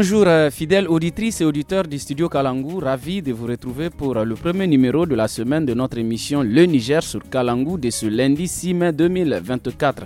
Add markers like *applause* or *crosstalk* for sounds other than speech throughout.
Bonjour euh, fidèles auditrices et auditeurs du studio Kalangou, ravi de vous retrouver pour euh, le premier numéro de la semaine de notre émission Le Niger sur Kalangou de ce lundi 6 mai 2024.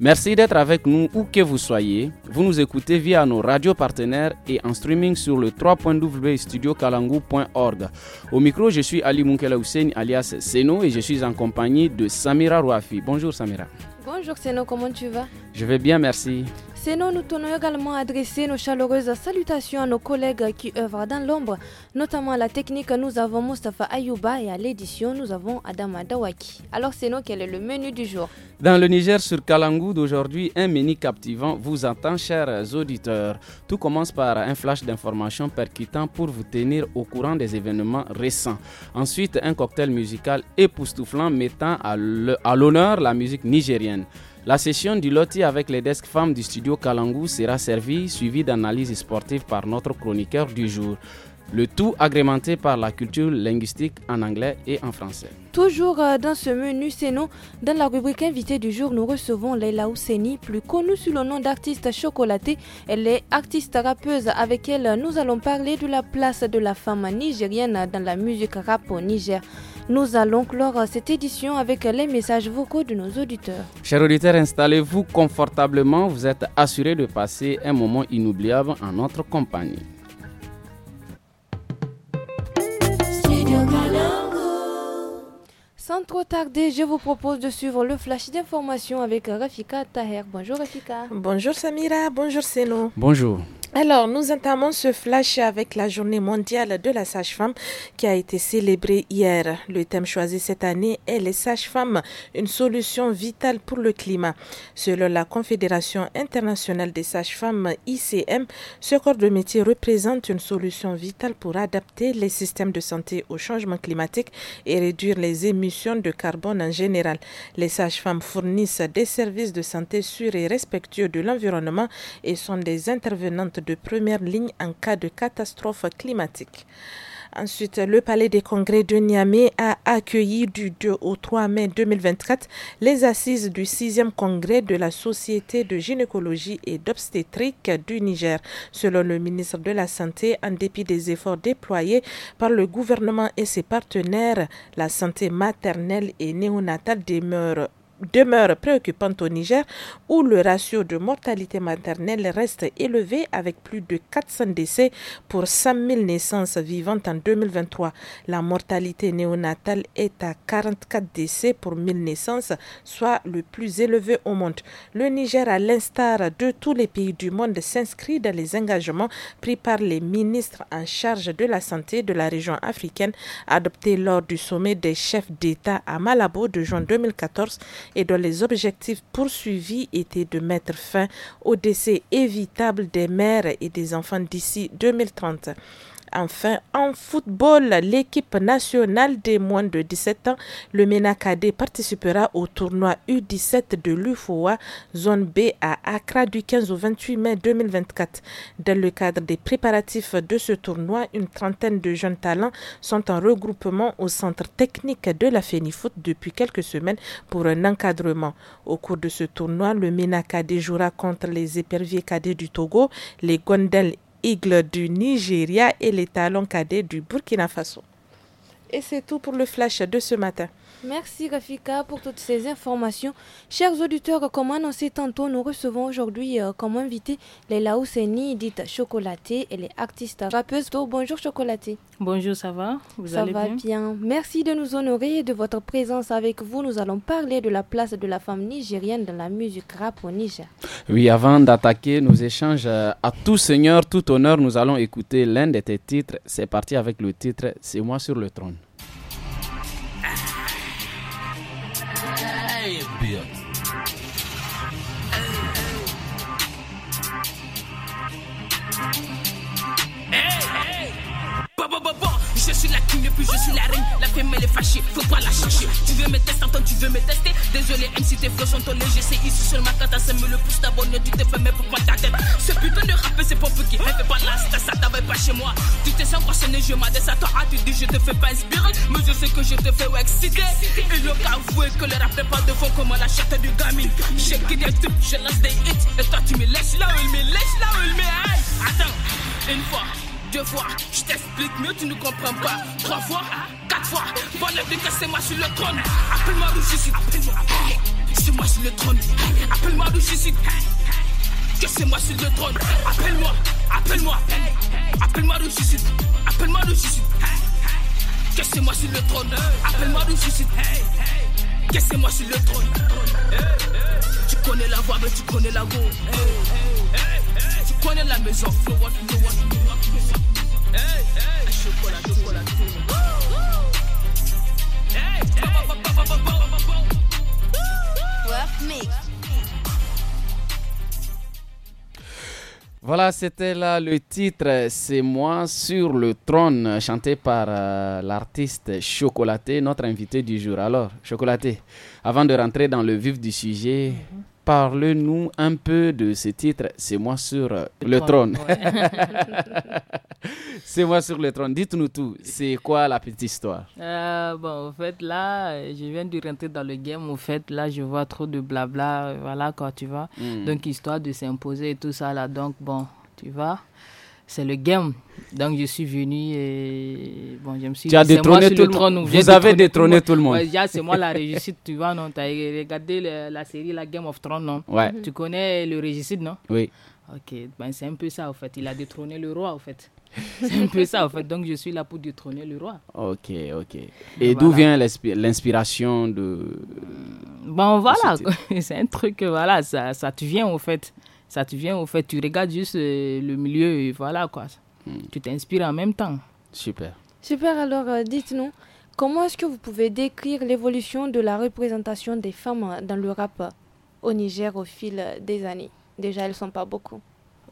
Merci d'être avec nous où que vous soyez. Vous nous écoutez via nos radios partenaires et en streaming sur le kalangu.org. Au micro, je suis Ali Munkela Hussein alias Seno et je suis en compagnie de Samira Rouafi. Bonjour Samira. Bonjour Seno, comment tu vas Je vais bien, merci ces nous tenons également à adresser nos chaleureuses salutations à nos collègues qui œuvrent dans l'ombre, notamment à la technique, nous avons Mustafa Ayuba et à l'édition, nous avons Adama Dawaki. Alors nous quel est le menu du jour Dans le Niger sur Kalangou d'aujourd'hui, un menu captivant vous attend, chers auditeurs. Tout commence par un flash d'informations percutant pour vous tenir au courant des événements récents. Ensuite, un cocktail musical époustouflant mettant à l'honneur la musique nigérienne. La session du loti avec les desks femmes du studio Kalangu sera servie, suivie d'analyses sportives par notre chroniqueur du jour. Le tout agrémenté par la culture linguistique en anglais et en français. Toujours euh, dans ce menu, c'est nous. Dans la rubrique invité du jour, nous recevons Leila Ouseni, plus connue sous le nom d'artiste chocolatée. Elle est artiste rappeuse. Avec elle, nous allons parler de la place de la femme nigérienne dans la musique rap au Niger. Nous allons clore cette édition avec les messages vocaux de nos auditeurs. Chers auditeurs, installez-vous confortablement. Vous êtes assurés de passer un moment inoubliable en notre compagnie. Sans trop tarder, je vous propose de suivre le flash d'information avec Rafika Taher. Bonjour Rafika. Bonjour Samira, bonjour Seno. Bonjour. Alors, nous entamons ce flash avec la journée mondiale de la sage-femme qui a été célébrée hier. Le thème choisi cette année est les sages-femmes, une solution vitale pour le climat. Selon la Confédération internationale des sages-femmes ICM, ce corps de métier représente une solution vitale pour adapter les systèmes de santé au changement climatique et réduire les émissions de carbone en général. Les sages-femmes fournissent des services de santé sûrs et respectueux de l'environnement et sont des intervenantes de première ligne en cas de catastrophe climatique. Ensuite, le Palais des Congrès de Niamey a accueilli du 2 au 3 mai 2024 les assises du 6e Congrès de la Société de gynécologie et d'obstétrique du Niger. Selon le ministre de la Santé, en dépit des efforts déployés par le gouvernement et ses partenaires, la santé maternelle et néonatale demeure demeure préoccupante au Niger où le ratio de mortalité maternelle reste élevé avec plus de 400 décès pour 100 000 naissances vivantes en 2023. La mortalité néonatale est à 44 décès pour 1000 naissances, soit le plus élevé au monde. Le Niger, à l'instar de tous les pays du monde, s'inscrit dans les engagements pris par les ministres en charge de la santé de la région africaine adoptés lors du sommet des chefs d'État à Malabo de juin 2014 et dont les objectifs poursuivis étaient de mettre fin au décès évitable des mères et des enfants d'ici 2030 enfin en football, l'équipe nationale des moins de 17 ans, le Ménacadé, participera au tournoi U17 de l'UFOA, zone B à Accra du 15 au 28 mai 2024. Dans le cadre des préparatifs de ce tournoi, une trentaine de jeunes talents sont en regroupement au centre technique de la FENIFOOT depuis quelques semaines pour un encadrement. Au cours de ce tournoi, le Ménacadé jouera contre les éperviers cadets du Togo, les Gondel Igles du Nigeria et les Talons Cadets du Burkina Faso. Et c'est tout pour le flash de ce matin. Merci Rafika pour toutes ces informations. Chers auditeurs, comme annoncé tantôt, nous recevons aujourd'hui euh, comme invité les Ouseni, dite Chocolaté et les artistes rappeuse. bonjour Chocolaté. Bonjour, ça va Vous ça va bien, Merci de nous honorer et de votre présence avec vous. Nous allons parler de la place de la femme nigérienne dans la musique rap au Niger. Oui, avant d'attaquer nos échanges, euh, à tout seigneur, tout honneur, nous allons écouter l'un de tes titres. C'est parti avec le titre C'est moi sur le trône. Je suis la king, puis je suis la reine. La femme, elle est fâchée, faut pas la chercher. Tu veux me tester, attends, tu veux me tester. Désolé, même si tes flots sont ton léger, c'est ici seulement quand t'as me le pouce t'abonner tu te fais mais pour pas ta tête. Ce putain de rap, c'est pour qui Ne fait pas la star, ça t'avait pas chez moi. Tu te sens passionné, je m'adresse à toi. Ah, tu dis, je te fais pas inspirer, mais je sais que je te fais exciter. Et le cas avoué que le rap n'est pas de faux comme la chatte du gamin. J'ai quitté tout, je lance des hits. Et toi, tu me laisses là où il me laisse, là où il me Attends, une fois deux fois. Je t'explique mieux, tu ne comprends pas. Trois fois, quatre fois. Bonne que c'est moi sur le trône. Appelle-moi Rugicide. Appelle-moi, appelle-moi. C'est moi sur le trône. Appelle-moi Rugicide. Que c'est moi sur le trône. Appelle-moi, appelle-moi. Appelle-moi Appelle-moi Que c'est moi sur le trône. Appelle-moi Rugicide. Que c'est moi sur le trône. Tu connais la voix, mais tu connais la voix. Voilà, c'était là le titre C'est moi sur le trône, chanté par l'artiste Chocolaté, notre invité du jour. Alors, Chocolaté, avant de rentrer dans le vif du sujet, parle-nous un peu de ce titre, C'est moi sur le, trône. *laughs* c'est moi sur le trône. Dites-nous tout. C'est quoi la petite histoire euh, Bon, au fait, là, je viens de rentrer dans le game. Au fait, là, je vois trop de blabla. Euh, voilà, quoi, tu vois. Hmm. Donc, histoire de s'imposer et tout ça, là. Donc, bon, tu vois c'est le game. Donc je suis venu et bon, je me suis tu dit, as détrôné tout le, monde. trône. Vous avez détrôné tout, le monde. Ouais, c'est moi la Régicide. tu vois, non Tu as regardé la série La Game of Thrones, non ouais. Tu connais le régicide, non Oui. Ok, ben, c'est un peu ça, en fait. Il a détrôné le roi, en fait. *laughs* C'est un peu ça, en fait. Donc je suis là pour détrôner le roi. Ok, ok. Et d'où vient l'inspiration de... Bon, voilà, *laughs* c'est un truc, voilà, ça, ça te vient, en fait. Ça te vient au fait, tu regardes juste euh, le milieu et voilà quoi. Hmm. Tu t'inspires en même temps. Super. Super, alors euh, dites-nous, comment est-ce que vous pouvez décrire l'évolution de la représentation des femmes dans le rap au Niger au fil des années Déjà, elles ne sont pas beaucoup.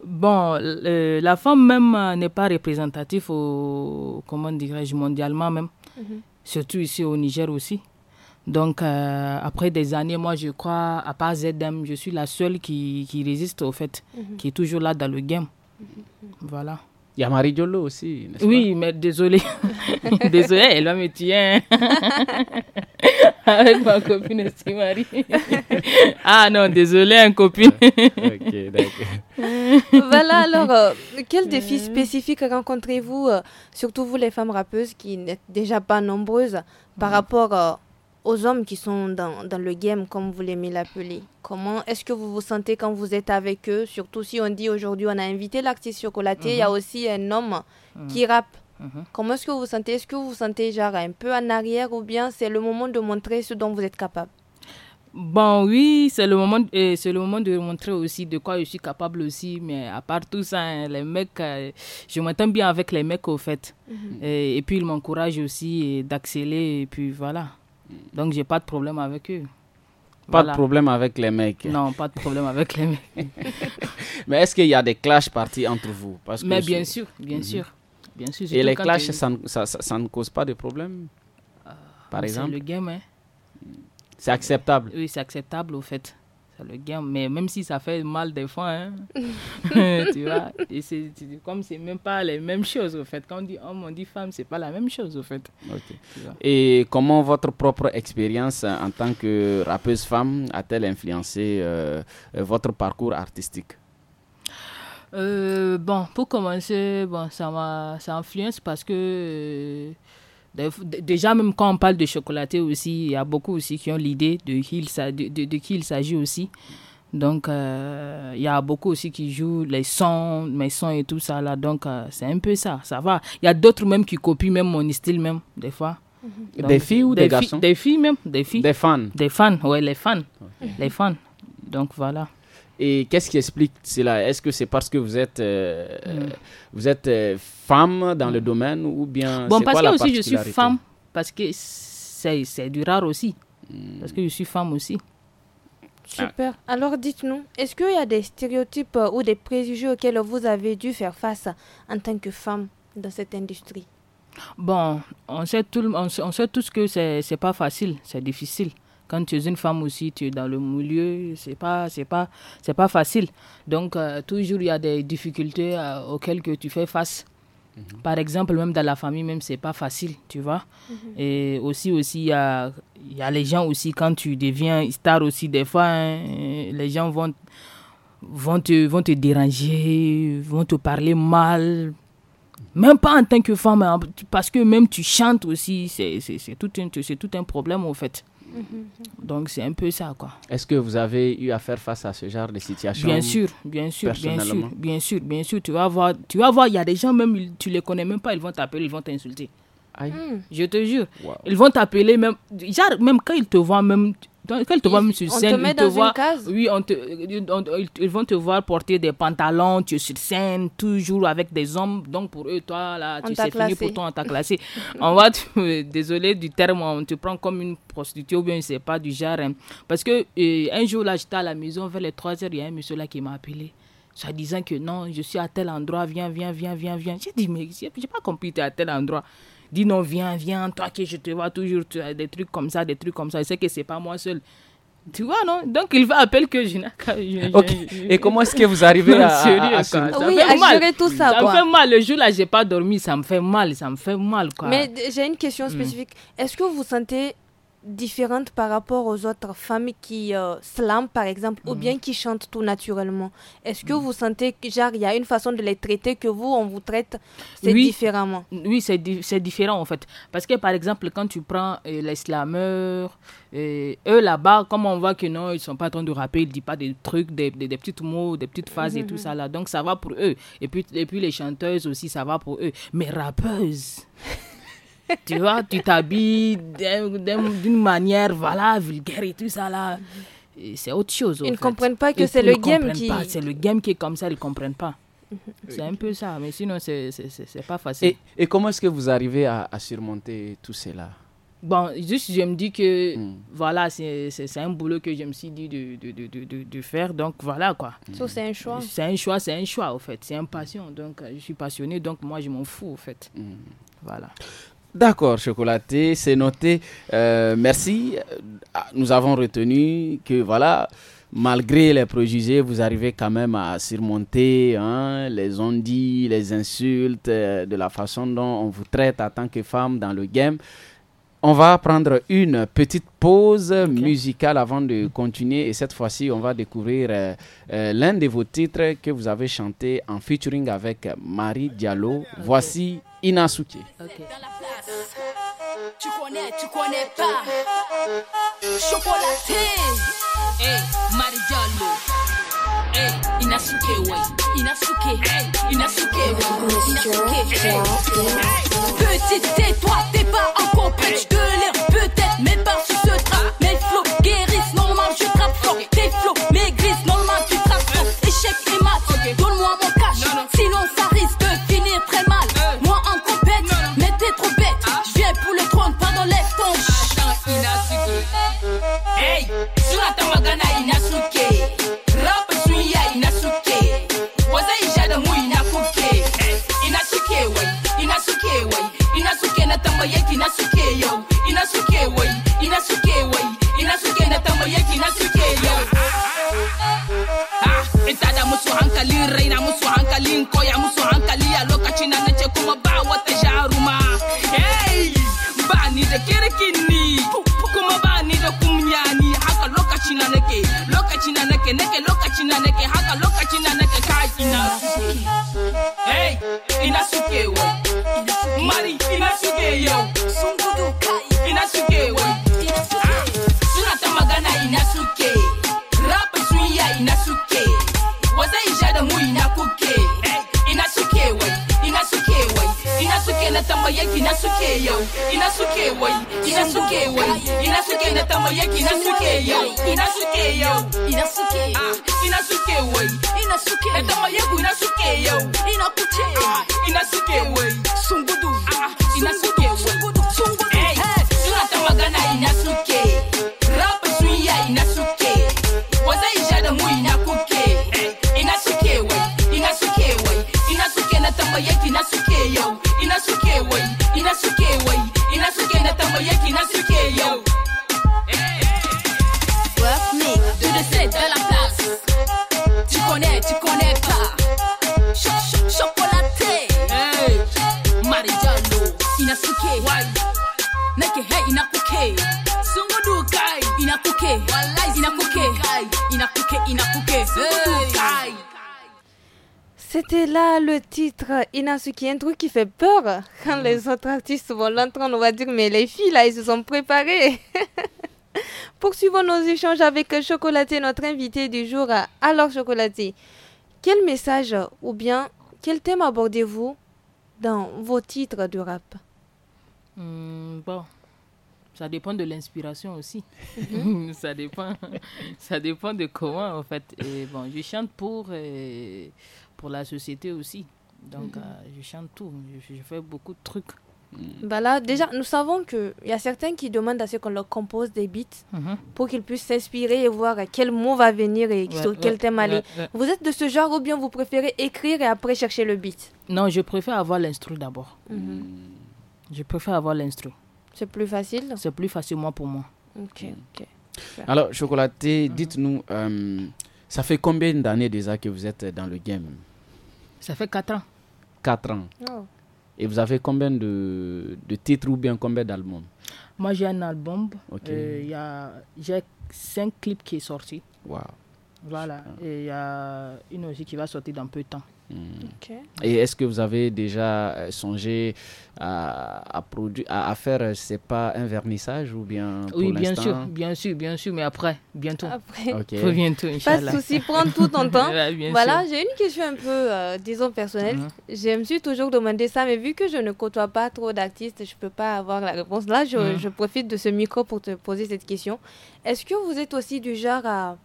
Bon, euh, la femme même n'est pas représentative au, comment dirais-je, mondialement même. Mhm. Surtout ici au Niger aussi. Donc, euh, après des années, moi, je crois, à part ZM, je suis la seule qui, qui résiste, au fait, mhm. qui est toujours là dans le game. Mhm. Voilà. Il y a Marie Diolo aussi, oui, mais désolée. *laughs* désolée, elle va me tuer. Hein. Avec *laughs* ah, ma copine, est Marie *laughs* Ah non, désolée, un hein, copine. ok, d'accord. Voilà, alors, euh, quel euh. défi spécifique rencontrez-vous, surtout vous les femmes rappeuses qui n'êtes déjà pas nombreuses, par mhm. rapport à aux hommes qui sont dans, le game, comme vous l'aimez l'appeler Comment est-ce que vous vous sentez quand vous êtes avec eux Surtout si on dit aujourd'hui on a invité l'artiste chocolaté, il y a mhm. aussi un homme mhm. qui rappe. Mhm. Comment est-ce que vous vous sentez Est-ce que vous vous sentez genre un peu en arrière ou bien c'est le moment de montrer ce dont vous êtes capable Bon, oui, c'est le moment, euh, c'est le moment de montrer aussi de quoi je suis capable aussi. Mais à part tout ça, hein, les mecs, euh, je m'entends bien avec les mecs au fait. et, et, puis ils m'encouragent aussi d'accélérer et puis voilà. Donc, j'ai pas de problème avec eux. Pas de problème avec les mecs. Non, pas de problème avec les mecs. *laughs* Mais est-ce qu'il y a des clashs partis entre vous Parce Mais bien mhm. sûr, bien sûr. Bien sûr Et les clashs, ça, ça, ça, ne cause pas de problème euh, Par exemple C'est le game, hein. C'est acceptable Oui, c'est acceptable, au fait le game. Mais même si ça fait mal des fois, hein, *laughs* *laughs* tu vois, et c'est comme c'est même pas les mêmes choses au fait. Quand on dit homme, on dit femme, c'est pas la même chose au fait. Et comment votre propre expérience en tant que rappeuse femme a-t-elle influencé euh, euh, votre parcours artistique euh, bon, pour commencer, bon, ça, ça influence parce que Déjà, même quand on parle de chocolaté aussi, il y a beaucoup aussi qui ont l'idée de, de, de, de qui il s'agit aussi. Donc, euh, il y a beaucoup aussi qui jouent les sons, mes sons et tout ça là. Donc, euh, c'est un peu ça, ça va. Il y a d'autres même qui copient même mon style même, des fois. Mhm. des filles ou des, garçons Des filles même, des filles. Des fans. Des fans, ouais, les fans. Les fans. Donc, voilà. Et qu'est-ce qui explique cela Est-ce que c'est parce que vous êtes, euh, hmm. vous êtes euh, femme dans le hmm. domaine ou bien Bon, parce que aussi je suis femme, parce que c'est du rare aussi, hmm. parce que je suis femme aussi. Super. Alors dites-nous, est-ce qu'il y a des stéréotypes euh, ou des préjugés auxquels vous avez dû faire face en tant que femme dans cette industrie Bon, on sait, tout, on sait, on sait tous que c'est pas facile, c'est difficile. Quand tu es une femme aussi, tu es dans le milieu, c'est pas, c'est pas, c'est pas facile. Donc euh, toujours il y a des difficultés euh, auxquelles que tu fais face. Mhm. Par exemple, même dans la famille, même c'est pas facile, tu vois. Mhm. Et aussi, aussi, il y a, les gens aussi quand tu deviens star aussi des fois, hein, euh, les gens vont vont te vont te déranger, vont te parler mal, même pas en tant que femme, hein, parce que même tu chantes aussi, c'est tout un c'est tout un problème en fait. Mhm. Donc c'est un peu ça quoi. Est-ce que vous avez eu à faire face à ce genre de situation Bien sûr, bien sûr, bien sûr, bien sûr, bien sûr. Tu vas voir, tu vas voir, il y a des gens même tu les connais même pas, ils vont t'appeler, ils vont t'insulter. Mm. Je te jure, ils vont t'appeler même, genre même quand ils te voient même, quand te sur scène, on te une case. Oui, ils vont te voir porter des pantalons, tu es sur scène, toujours avec des hommes. Donc pour eux, toi, là, tu sais fini, toi, on t'a classé. on va, *laughs* désolé du terme, on te prend comme une prostituée ou bien je sais pas, du genre. Hein. Parce que euh, un jour, là, j'étais à la maison vers les 3 heures, il y a un monsieur là qui m'a appelé ça disant que non, je suis à tel endroit, viens, viens, viens, viens, viens. J'ai dit, mais j'ai pas compris, tu es à tel endroit. Dis non, viens, viens, toi qui je te vois toujours, tu as des trucs comme ça, des trucs comme ça. Je sais que c'est pas moi seul. Tu vois, non Donc, il va appeler que je, n'ai pas Et comment est-ce que vous arrivez à, Oui, tout ça. Ça me fait mal. Le jour-là, je n'ai pas dormi. Ça me fait mal. Ça me fait mal. Quoi. Mais j'ai une question mm. spécifique. Est-ce que vous sentez différente par rapport aux autres femmes qui euh, par exemple, ou mhm. bien qui chantent tout naturellement. Est-ce que mhm. vous sentez que, genre, il y a une façon de les traiter que vous, on vous traite c'est différemment Oui, c'est, c'est différent, en fait. Parce que, par exemple, quand tu prends euh, les slameurs, euh, eux, là-bas, comme on voit que non, ils ne sont pas en train de rapper, ils ne disent pas des trucs, des, des, petits mots, des petites phrases et tout mhm. ça, là. Donc, ça va pour eux. Et puis, et puis, les chanteuses aussi, ça va pour eux. Mais rappeuses tu vois, tu t'habilles d'une manière voilà, vulgaire et tout ça là. C'est autre chose. Ils ne comprennent pas que c'est le game qui. C'est le game qui est comme ça, ils ne comprennent pas. C'est un peu ça, mais sinon, c'est pas facile. Et, comment est-ce que vous arrivez à, surmonter tout cela Bon, juste, je me dis que hmm. voilà, c'est un boulot que je me suis dit de, de, de, de faire, donc voilà quoi. Hmm. c'est un choix. C'est un choix, c'est un choix, au fait. C'est une passion, donc euh, je suis passionné, donc moi, je m'en fous, en fait. Hmm. Voilà. D'accord, chocolaté, c'est noté. Euh, merci. Euh, nous avons retenu que voilà, malgré les préjugés, vous arrivez quand même à surmonter hein, les ondits, les insultes, euh, de la façon dont on vous traite en tant que femme dans le game. On va prendre une petite pause musicale avant de mm. continuer et cette fois-ci, on va découvrir euh, euh, l'un de vos titres que vous avez chanté en featuring avec Marie Diallo. Voici Inasuke. Tu connais, tu connais pas. Petite, tais-toi, Inasukewe, Inasuke Natamoyaki, Inasukeyo, Inasukeyo, Inasuke, yo, Inasuke Natamoyaku, Inasukeyo, Inakuche, Inasukewe. C'était là le titre Inasuki, un truc qui fait peur quand les autres artistes vont l'entendre. On va dire, mais les filles là, elles se sont préparées. *laughs* Poursuivons nos échanges avec Chocolaté, notre invité du jour. Alors, Chocolaté, quel message ou bien quel thème abordez-vous dans vos titres de rap hmm, Bon, ça dépend de l'inspiration aussi. Mhm. *laughs* ça dépend, ça dépend de comment en fait. Et bon, je chante pour euh, pour la société aussi. Donc, mhm. euh, je chante tout, je, fais beaucoup de trucs. Mm. Bah là, déjà, nous savons qu'il y a certains qui demandent à ce qu'on leur compose des beats mhm. pour qu'ils puissent s'inspirer et voir quel mot va venir et sur quel thème aller. vous êtes de ce genre ou bien vous préférez écrire et après chercher le beat Non, je préfère avoir l'instru d'abord. Mhm. Mm. Je préfère avoir l'instru. C'est plus facile C'est plus facilement pour moi. Ok, mm. ok. Alors, Chocolaté, dites-nous, euh, ça fait combien d'années déjà que vous êtes dans le game ça fait 4 ans. 4 ans. Oh. Et vous avez combien de, de titres ou bien combien d'albums Moi, j'ai un album. Euh, j'ai 5 clips qui sont sortis. Wow. Voilà. Et il y a une aussi qui va sortir dans peu de temps. Hmm. Et est-ce que vous avez déjà euh, songé à, à, à, faire, c'est euh, pas un vernissage ou bien pour Oui, bien sûr, bien sûr, bien sûr, mais après, bientôt. Après, bientôt, *laughs* Pas de souci, prends tout ton temps. *laughs* voilà, j'ai une question un peu, euh, disons, personnelle. Uh-huh. Je me suis toujours demandé ça, mais vu que je ne côtoie pas trop d'artistes, je peux pas avoir la réponse. Là, je, uh-huh. profite de ce micro pour te poser cette question. Est-ce que vous êtes aussi du genre à,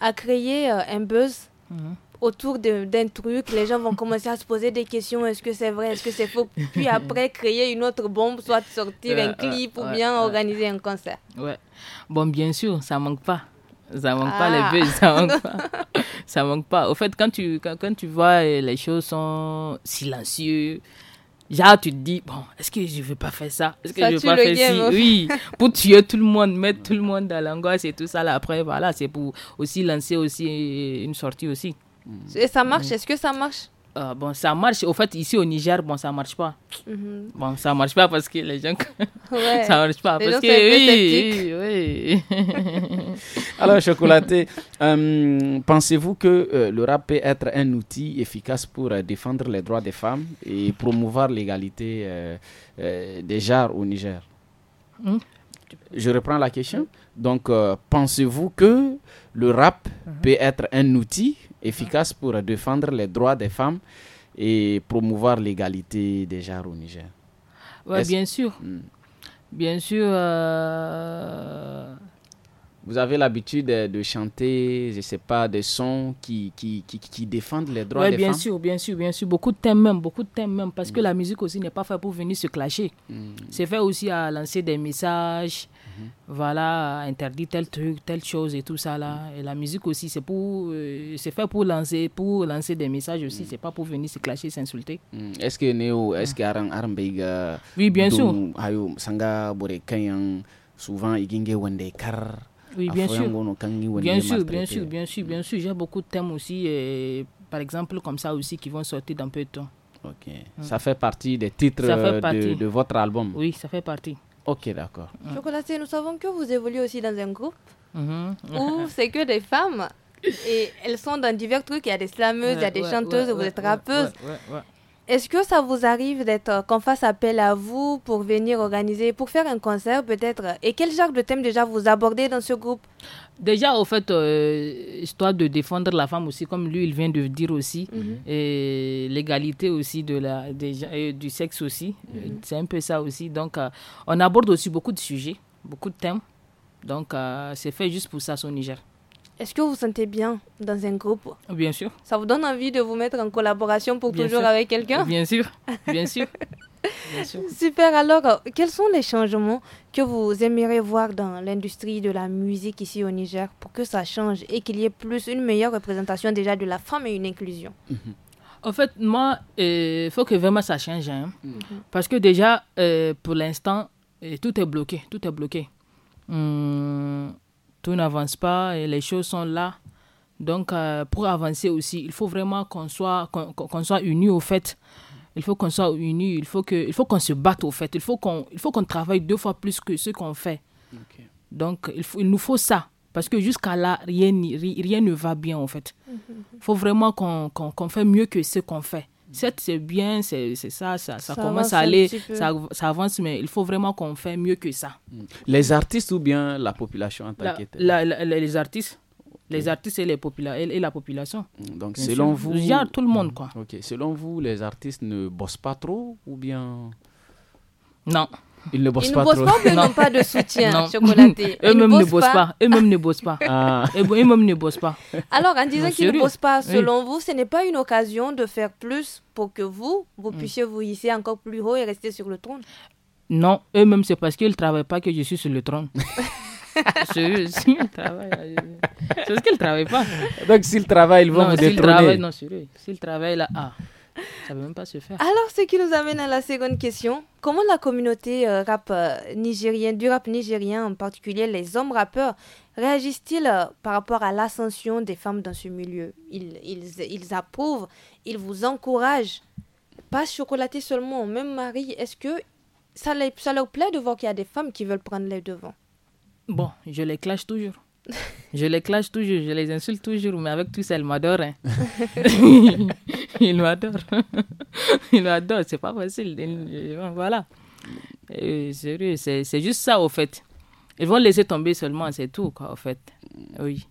à créer un buzz uh-huh autour d'un truc, les gens vont commencer à se poser des questions, est-ce que c'est vrai, est-ce que c'est faux, puis *laughs* après créer une autre bombe, soit sortir un clip ou bien organiser un concert. Ouais. Bon, bien sûr, ça manque pas. Ça manque pas les ah. buzz, ça manque *laughs* pas. ça manque pas. Au fait, quand tu, quand, tu vois euh, les choses sont silencieuses, Genre, tu te dis, bon, est-ce que je ne veux pas faire ça Est-ce que je ne veux pas faire ci Oui, *laughs* pour tuer tout le monde, mettre tout le monde dans l'angoisse et tout ça. Là, après, voilà, c'est pour aussi lancer aussi euh, une sortie aussi. Mm. Et ça marche mm. Est-ce que ça marche euh, bon, ça marche. Au fait, ici au Niger, bon, ça marche pas. Mm-hmm. Bon, ça marche pas parce que les gens, *laughs* ouais. ça marche pas parce que oui, *laughs* *laughs* Alors, Chocolaté, euh, pensez-vous que euh, le rap peut être un outil efficace pour défendre les droits des femmes et promouvoir l'égalité des genres au Niger hmm? Je reprends la question. Donc, pensez-vous que le rap mm-hmm. peut être un outil efficace pour défendre les droits des femmes et promouvoir l'égalité des genres au Niger. Oui, bien sûr. Hmm. Bien sûr. Euh, vous avez l'habitude de chanter, je sais pas, des sons qui, qui, qui, qui défendent les droits des femmes Oui, Bien sûr, bien sûr, bien sûr. Beaucoup de thèmes même, beaucoup de thèmes même, parce que mm. la musique aussi n'est pas faite pour venir se clasher. Mm. C'est fait aussi à lancer des messages, mm-hmm. voilà, interdit tel truc, telle chose et tout ça là. Mm. Et la musique aussi, c'est pour, euh, c'est fait pour lancer, pour lancer des messages aussi. C'est pas pour venir se clasher, s'insulter. Est-ce que Néo, est-ce ah. que Arambeiga, oui, bien sûr. Sanga Souvent, Wendekar. Oui, bien sûr. Bien sûr, bien euh, sûr, bien sûr, bien sûr. J'ai beaucoup de thèmes aussi, euh, par exemple, comme ça aussi, qui vont sortir dans peu de temps. Ok. Mm. Ça fait partie des titres De, votre album Oui, ça fait partie. Ok, d'accord. Mm. Chocolatier, nous savons que vous évoluez aussi dans un groupe mm-hmm. où *laughs* c'est que des femmes et elles sont dans divers trucs. Il y a des slameuses, il y a des chanteuses, vous êtes rappeuses. Est-ce que ça vous arrive d'être euh, qu'on fasse appel à vous pour venir organiser, pour faire un concert peut-être Et quel genre de thème déjà vous abordez dans ce groupe Déjà, au fait, euh, histoire de défendre la femme aussi, comme lui, il vient de dire aussi, mhm. et l'égalité aussi de la, euh, du sexe aussi, mhm. c'est un peu ça aussi. Donc, on aborde aussi beaucoup de sujets, beaucoup de thèmes. Donc, c'est fait juste pour ça, son Niger. Est-ce que vous vous sentez bien dans un groupe Bien sûr. Ça vous donne envie de vous mettre en collaboration pour toujours avec quelqu'un Bien sûr, *laughs* bien sûr. Super, alors quels sont les changements que vous aimeriez voir dans l'industrie de la musique ici au Niger pour que ça change et qu'il y ait plus une meilleure représentation déjà de la femme et une inclusion mm-hmm. En fait, moi, il euh, faut que vraiment ça change. Hein. Mm-hmm. Parce que déjà, euh, pour l'instant, euh, tout est bloqué. Tout est bloqué. Hum, tout n'avance pas, et les choses sont là. Donc, euh, pour avancer aussi, il faut vraiment qu'on soit, qu'on soit unis au fait. Il faut qu'on soit unis, il faut qu'on se batte au fait. Il faut qu'on qu'on travaille deux fois plus que ce qu'on fait. Donc, il, il nous faut ça. Parce que jusqu'à là, rien, rien ne va bien en fait. Mhm. Il faut vraiment qu'on qu'on fait mieux que ce qu'on fait c'est bien, c'est ça, ça, ça, ça, commence à aller, ça, avance, mais il faut vraiment qu'on fasse mieux que ça. Mm. Les artistes ou bien la population Les artistes. Les artistes et, les et, la population. Mm, donc, selon vous. Il y a tout le monde, quoi. Ok. Selon vous, les artistes ne bossent pas trop ou bien. Non. Ils ne bossent pas pas. Ils n'ont pas de soutien chocolaté. *laughs* eux ne bossent pas. Eux-mêmes ne bossent pas. *laughs* Ah. Eux-mêmes ne bossent pas. Alors, en disant qu'ils ne bossent pas, selon vous, ce n'est pas une occasion de faire plus pour que vous, vous mm. puissiez vous hisser encore plus haut et rester sur le trône Non, eux-mêmes, c'est parce qu'ils ne travaillent pas que je suis sur le trône. *laughs* sérieux, s'ils travaillent, euh, c'est parce qu'ils ne travaillent pas. Donc, s'ils travaillent, ils vont non, vous détrôner. non, sérieux. S'ils travaillent, là, ah. Ça peut même pas se faire. Alors, ce qui nous amène à la seconde question. Comment la communauté euh, rap euh, nigérienne, du rap nigérien, en particulier les hommes rappeurs, réagissent-ils euh, par rapport à l'ascension des femmes dans ce milieu ils, approuvent, ils vous encouragent. Pas chocolater seulement, même Marie, est-ce que ça, ça leur plaît de voir qu'il y a des femmes qui veulent prendre les devants Bon, je les clash toujours. *laughs* Je les clash toujours, je les insulte toujours, mais avec tout ça, ils m'adorent. Hein. *laughs* ils m'adorent. *laughs* ils m'adorent, c'est pas facile. Euh, voilà. Euh, sérieux, c'est juste ça, au fait. Ils vont laisser tomber seulement, c'est tout, quoi, au fait. Oui.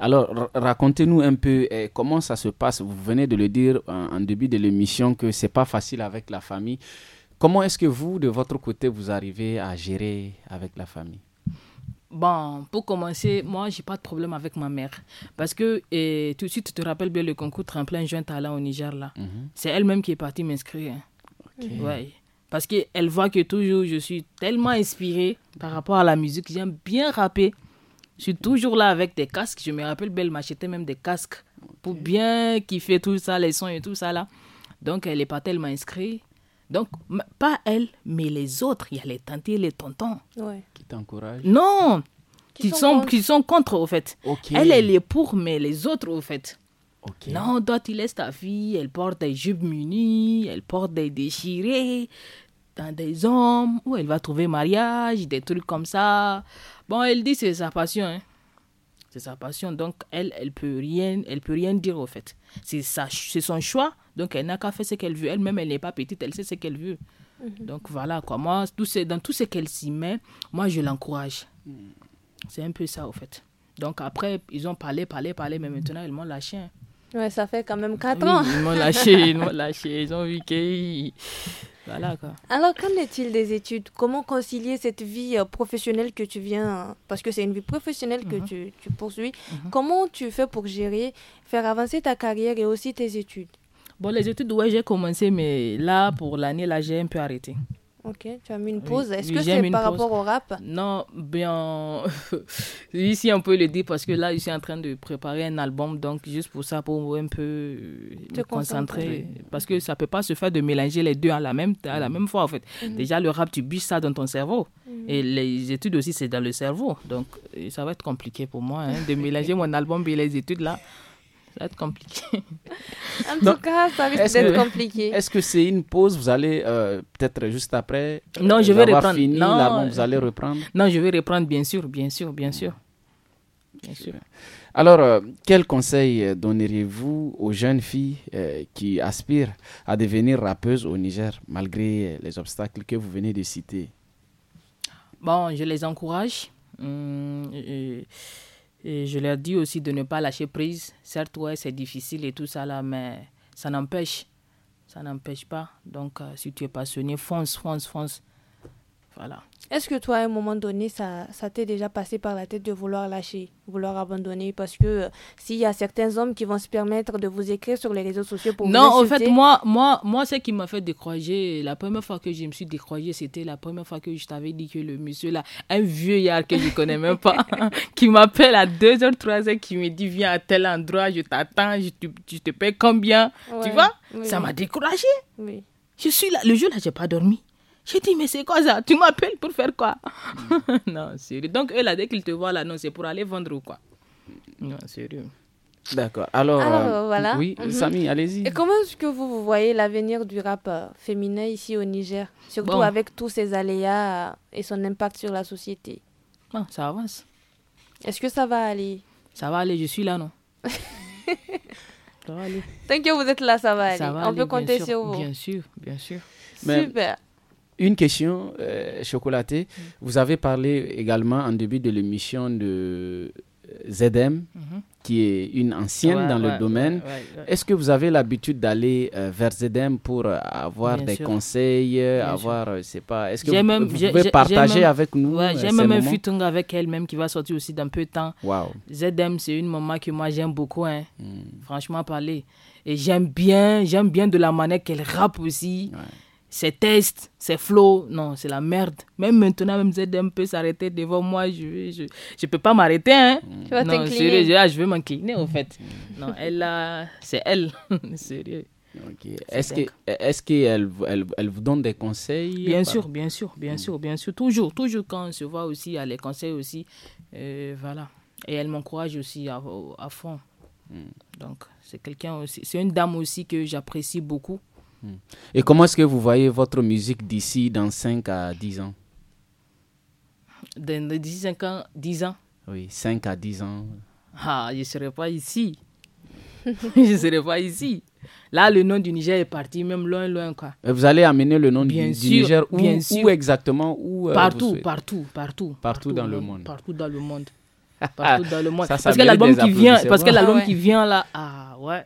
Alors, racontez-nous un peu eh, comment ça se passe. Vous venez de le dire en, euh, en début de l'émission que c'est pas facile avec la famille. Comment est-ce que vous, de votre côté, vous arrivez à gérer avec la famille Bon, pour commencer, moi, j'ai pas de problème avec ma mère. Parce que et, tout de suite, tu te rappelles bien le concours tremplin jeune talent au Niger, là. Mhm. C'est elle-même qui est partie m'inscrire. Hein. Parce qu'elle voit que toujours, je suis tellement inspirée par rapport à la musique. J'aime bien rapper. Je suis toujours là avec des casques. Je me rappelle, Belle m'achetait même des casques pour bien kiffer tout ça, les sons et tout ça, là. Donc, elle est pas tellement inscrite. Donc, pas elle, mais les autres. Il y a les tantes et les tontons. Qui t'encouragent Non qui, sont, contre. qui sont contre, au fait. Elle, elle est pour, mais les autres, au fait. Non, toi, tu laisses ta fille, elle porte des jupes munies, elle porte des déchirés dans des hommes, où elle va trouver mariage, des trucs comme ça. Bon, elle dit c'est sa passion. Hein. C'est sa passion. Donc, elle, elle peut rien, elle peut rien dire, au fait. C'est son choix. Donc elle n'a qu'à faire ce qu'elle veut. Elle-même, elle n'est pas petite, elle sait ce qu'elle veut. Mhm. Donc voilà, quoi. Moi, tout dans tout ce qu'elle s'y met, moi, je l'encourage. Mm. C'est un peu ça, au fait. Donc après, ils ont parlé, parlé, parlé, mais maintenant, ils m'ont lâché. Hein. Ouais, ça fait quand même 4 ans. Ils m'ont lâché, ils m'ont *laughs* lâché. Ils ont vu que. Voilà, quoi. Alors, qu'en est-il des études Comment concilier cette vie euh, professionnelle que tu viens. Parce que c'est une vie professionnelle que mhm. tu, poursuis. Mhm. Comment tu fais pour gérer, faire avancer ta carrière et aussi tes études Bon, les études, ouais, j'ai commencé, mais là, pour l'année, là, j'ai un peu arrêté. Ok, tu as mis une pause. Est-ce que c'est par pause. rapport au rap Non, bien. ici, on peut le dire, parce que là, je suis en train de préparer un album, donc juste pour ça, pour un peu euh, Te concentrer. Parce que ça ne peut pas se faire de mélanger les deux à la même, à la même fois, en fait. Mhm. Déjà, le rap, tu biches ça dans ton cerveau. Mhm. Et les études aussi, c'est dans le cerveau. Donc, euh, ça va être compliqué pour moi hein, de *laughs* mélanger mon album et les études là être compliqué. en tout cas, ça risque d'être compliqué. Est-ce que c'est une pause Vous allez euh, peut-être juste après euh, Non, je vais reprendre. non, vous allez reprendre Non, je vais reprendre, bien sûr, bien sûr, bien sûr. Bien sûr. Alors, quels euh, quel conseil donneriez-vous aux jeunes filles qui aspirent à devenir rappeuses au Niger, malgré les obstacles que vous venez de citer Bon, je les encourage. Hum, et je leur dis aussi de ne pas lâcher prise. Certes, ouais, c'est difficile et tout ça là, mais ça n'empêche. Ça n'empêche pas. Donc, euh, si tu es passionné, fonce, fonce, fonce. Est-ce que toi, à un moment donné, ça, ça t'est déjà passé par la tête de vouloir lâcher, vouloir abandonner Parce que euh, s'il y a certains hommes qui vont se permettre de vous écrire sur les réseaux sociaux pour non, vous Non, en fait, moi, moi, moi, ce qui m'a fait décroger la première fois que je me suis décroisée, c'était la première fois que je t'avais dit que le monsieur, là, un vieux yard que je connais même pas, *laughs* qui m'appelle à 2h, 3h, qui me dit Viens à tel endroit, je t'attends, je, te, paye combien Tu vois Ça m'a découragée. Oui. Je suis là, le jour-là, j'ai pas dormi. J'ai dit, mais c'est quoi ça Tu m'appelles pour faire quoi *laughs* Non, sérieux. Donc, eux, là, dès qu'ils te voient, là, non, c'est pour aller vendre ou quoi Non, sérieux. D'accord. Alors, euh, voilà. oui, mhm. Samy, allez-y. Et comment est-ce que vous, voyez l'avenir du rap euh, féminin ici au Niger, surtout avec tous ces aléas euh, et son impact sur la société Non Ça avance. Est-ce que ça va aller Ça va aller, je suis là, non *laughs* Ça va aller. Tant que vous êtes là, ça va aller. On peut compter sur vous. Bien sûr, bien sûr. Super. Une question, euh, chocolatée. Chocolaté. Mm. Vous avez parlé également en début de l'émission de euh, ZM, mm-hmm. qui est une ancienne dans le domaine. Est-ce que vous avez l'habitude d'aller euh, vers ZM pour avoir des conseils, avoir, je sais pas. Est-ce que vous, pouvez partager avec nous J'ai même un futung avec elle-même qui va sortir aussi dans peu de temps. Wow. c'est une maman que moi j'aime beaucoup, hein. Hmm. franchement parler. Et j'aime bien, j'aime bien de la manière qu'elle rappe aussi. C'est tests, c'est flots, non, c'est la merde. Même maintenant, même ZDM peut s'arrêter devant moi, je je, je peux pas m'arrêter. Hein? non, sérieux, je, ah, je vais m'incliner en fait. Mm. non, elle, c'est elle, *laughs* sérieux. Est-ce qu'elle elle, elle, vous donne des conseils Bien sûr, bien sûr, bien mm. sûr, bien sûr. Toujours, toujours quand on se voit aussi, elle les conseils aussi. Euh, voilà. Et elle m'encourage aussi à, à fond. Mm. Donc, c'est quelqu'un aussi, c'est une dame aussi que j'apprécie beaucoup Hmm. Et comment est-ce que vous voyez votre musique d'ici dans 5 à 10 ans Dans 5 ans, 10 ans Oui, 5 à 10 ans. Ah, je ne serai pas ici. *laughs* je ne serai pas ici. Là, le nom du Niger est parti, même loin, loin. Quoi. Et vous allez amener le nom du, Niger où, bien sûr. exactement où, euh, partout, partout, partout, partout, dans le monde. Partout dans le monde. *laughs* Partout dans le monde. Ça, parce que l'album qui ah qui vient là, ah ouais,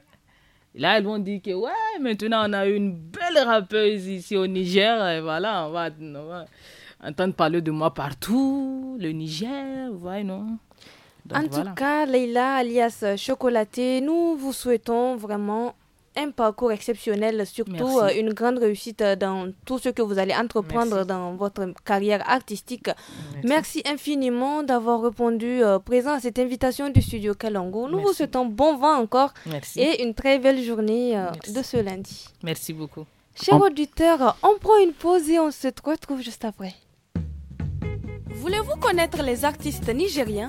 là, elles vont dire que ouais, maintenant on a une belle rappeuse ici au Niger, et voilà, on va, entendre parler de moi partout, le Niger, ouais, non en tout cas, Leila alias Chocolaté, nous vous souhaitons vraiment un parcours exceptionnel, surtout euh, une grande réussite euh, dans tout ce que vous allez entreprendre dans votre carrière artistique. Merci, infiniment d'avoir répondu euh, présent à cette invitation du studio Kalango. Nous vous souhaitons bon vent encore et une très belle journée de ce lundi. Merci beaucoup. Chers auditeurs, on prend une pause et on se retrouve juste après. Voulez-vous connaître les artistes nigériens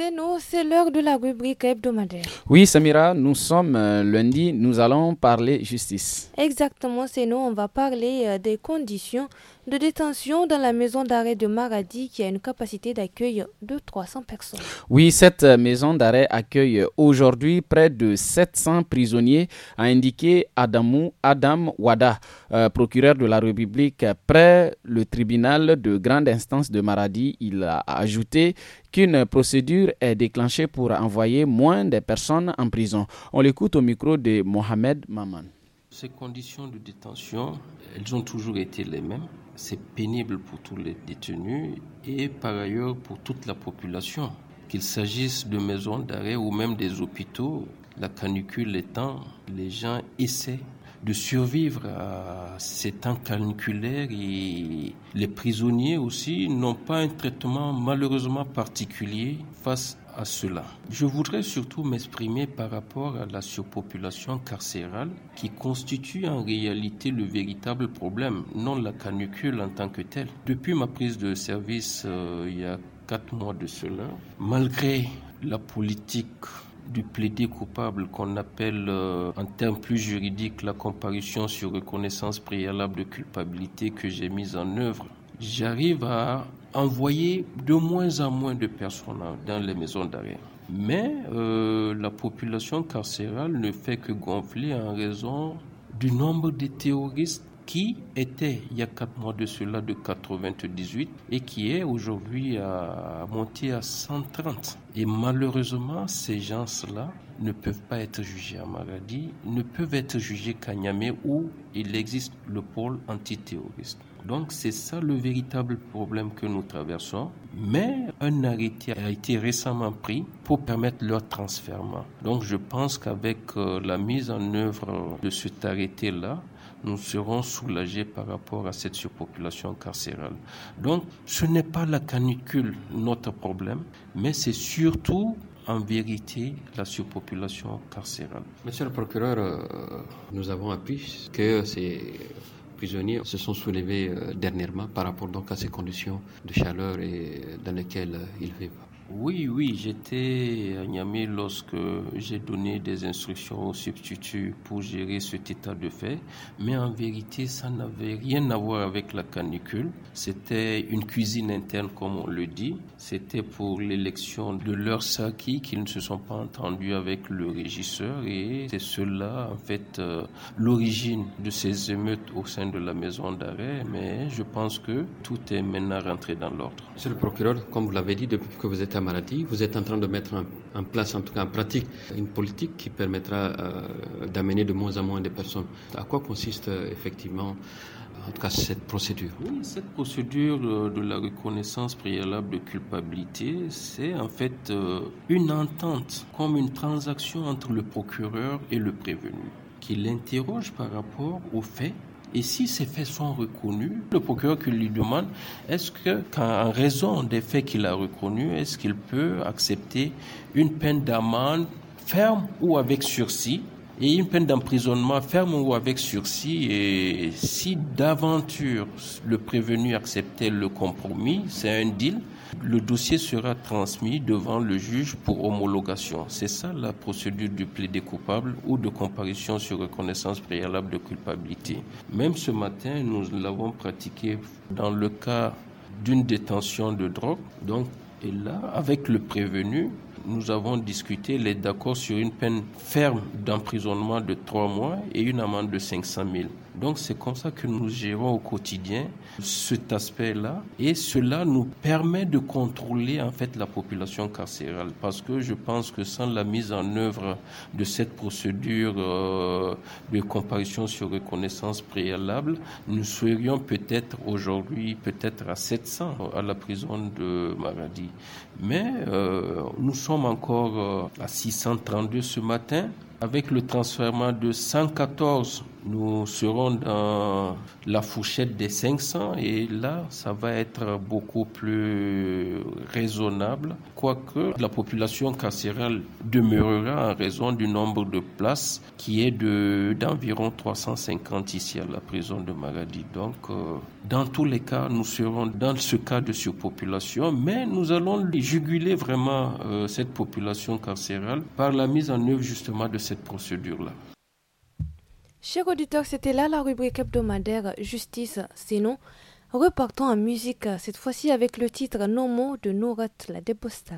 c'est nous, c'est l'heure de la rubrique hebdomadaire. Oui, Samira, nous sommes euh, lundi, nous allons parler justice. Exactement, c'est nous, on va parler euh, des conditions de détention dans la maison d'arrêt de Maradi qui a une capacité d'accueil de 300 personnes. Oui, cette euh, maison d'arrêt accueille aujourd'hui près de 700 prisonniers, a indiqué Adamou Adam Wada, procureur de la République près le tribunal de grande instance de Maradi. Il a ajouté qu'une procédure est déclenchée pour envoyer moins de personnes en prison. On l'écoute au micro de Mohamed Maman. Ces conditions de détention, elles ont toujours été les mêmes. C'est pénible pour tous les détenus et par ailleurs pour toute la population. Qu'il s'agisse de maisons d'arrêt ou même des hôpitaux, la canicule étant, les gens essaient de survivre à ces temps caniculaires et les prisonniers aussi n'ont pas un traitement malheureusement particulier face à cela. Je voudrais surtout m'exprimer par rapport à la surpopulation carcérale qui constitue en réalité le véritable problème, non la canicule en tant que telle. Depuis ma prise de service euh, il y a quatre mois de cela, malgré la politique du plaidé coupable qu'on appelle en euh, termes plus juridiques la comparution sur reconnaissance préalable de culpabilité que j'ai mise en œuvre, j'arrive à envoyer de moins en moins de personnes dans les maisons d'arrêt. Mais euh, la population carcérale ne fait que gonfler en raison du nombre de terroristes qui était il y a quatre mois de cela de 98 et qui est aujourd'hui monté à 130. Et malheureusement, ces gens-là ne peuvent pas être jugés à maladie, ne peuvent être jugés qu'à Niamey où il existe le pôle antiterroriste. Donc c'est ça le véritable problème que nous traversons. Mais un arrêté a été récemment pris pour permettre leur transfert. Donc je pense qu'avec euh, la mise en œuvre de cet arrêté-là, nous serons soulagés par rapport à cette surpopulation carcérale. Donc, ce n'est pas la canicule notre problème, mais c'est surtout en vérité la surpopulation carcérale. Monsieur le procureur, euh, nous avons appris que ces prisonniers se sont soulevés euh, dernièrement par rapport donc à ces conditions de chaleur et dans lesquelles ils vivent. Oui, oui, j'étais à Niamey lorsque j'ai donné des instructions aux substituts pour gérer cet état de fait, mais en vérité, ça n'avait rien à voir avec la canicule. C'était une cuisine interne, comme on le dit. C'était pour l'élection de leur saki qu'ils ne se sont pas entendus avec le régisseur et c'est cela, en fait, euh, l'origine de ces émeutes au sein de la maison d'arrêt, mais je pense que tout est maintenant rentré dans l'ordre. Monsieur le procureur, comme vous l'avez dit, depuis que vous êtes maladie. Vous êtes en train de mettre en, place, en tout cas en pratique, une politique qui permettra euh, d'amener de moins en moins de personnes. À quoi consiste euh, effectivement en tout cas cette procédure Oui, cette procédure euh, de la reconnaissance préalable de culpabilité, c'est en fait une entente, comme une transaction entre le procureur et le prévenu, qui l'interroge par rapport aux faits et si ces faits sont reconnus, le procureur lui demande, est-ce que, en raison des faits qu'il a reconnus, est-ce qu'il peut accepter une peine d'amende ferme ou avec sursis et une peine d'emprisonnement ferme ou avec sursis. Et si d'aventure le prévenu acceptait le compromis, c'est un deal, le dossier sera transmis devant le juge pour homologation. C'est ça la procédure du plaidé coupable ou de comparution sur reconnaissance préalable de culpabilité. Même ce matin, nous l'avons pratiqué dans le cas d'une détention de drogue. Donc, et là, avec le prévenu, nous avons discuté, il d'accord sur une peine ferme d'emprisonnement de trois mois et une amende de 500 000. Donc c'est comme ça que nous gérons au quotidien cet aspect-là et cela nous permet de contrôler en fait la population carcérale parce que je pense que sans la mise en œuvre de cette procédure euh, de comparution sur reconnaissance préalable, nous serions peut-être aujourd'hui peut-être à 700 à la prison de Maradi. Mais euh, nous sommes encore euh, à 632 ce matin avec le transfert de 114 nous serons dans la fourchette des 500 et là, ça va être beaucoup plus raisonnable, quoique la population carcérale demeurera en raison du nombre de places qui est de, d'environ 350 ici à la prison de Maradi. Donc, euh, dans tous les cas, nous serons dans ce cas de surpopulation, mais nous allons juguler vraiment euh, cette population carcérale par la mise en œuvre justement de cette procédure-là. Chers auditeurs, c'était là la rubrique hebdomadaire Justice, sinon. Repartons en musique, cette fois-ci avec le titre No de Nourat la Deposta.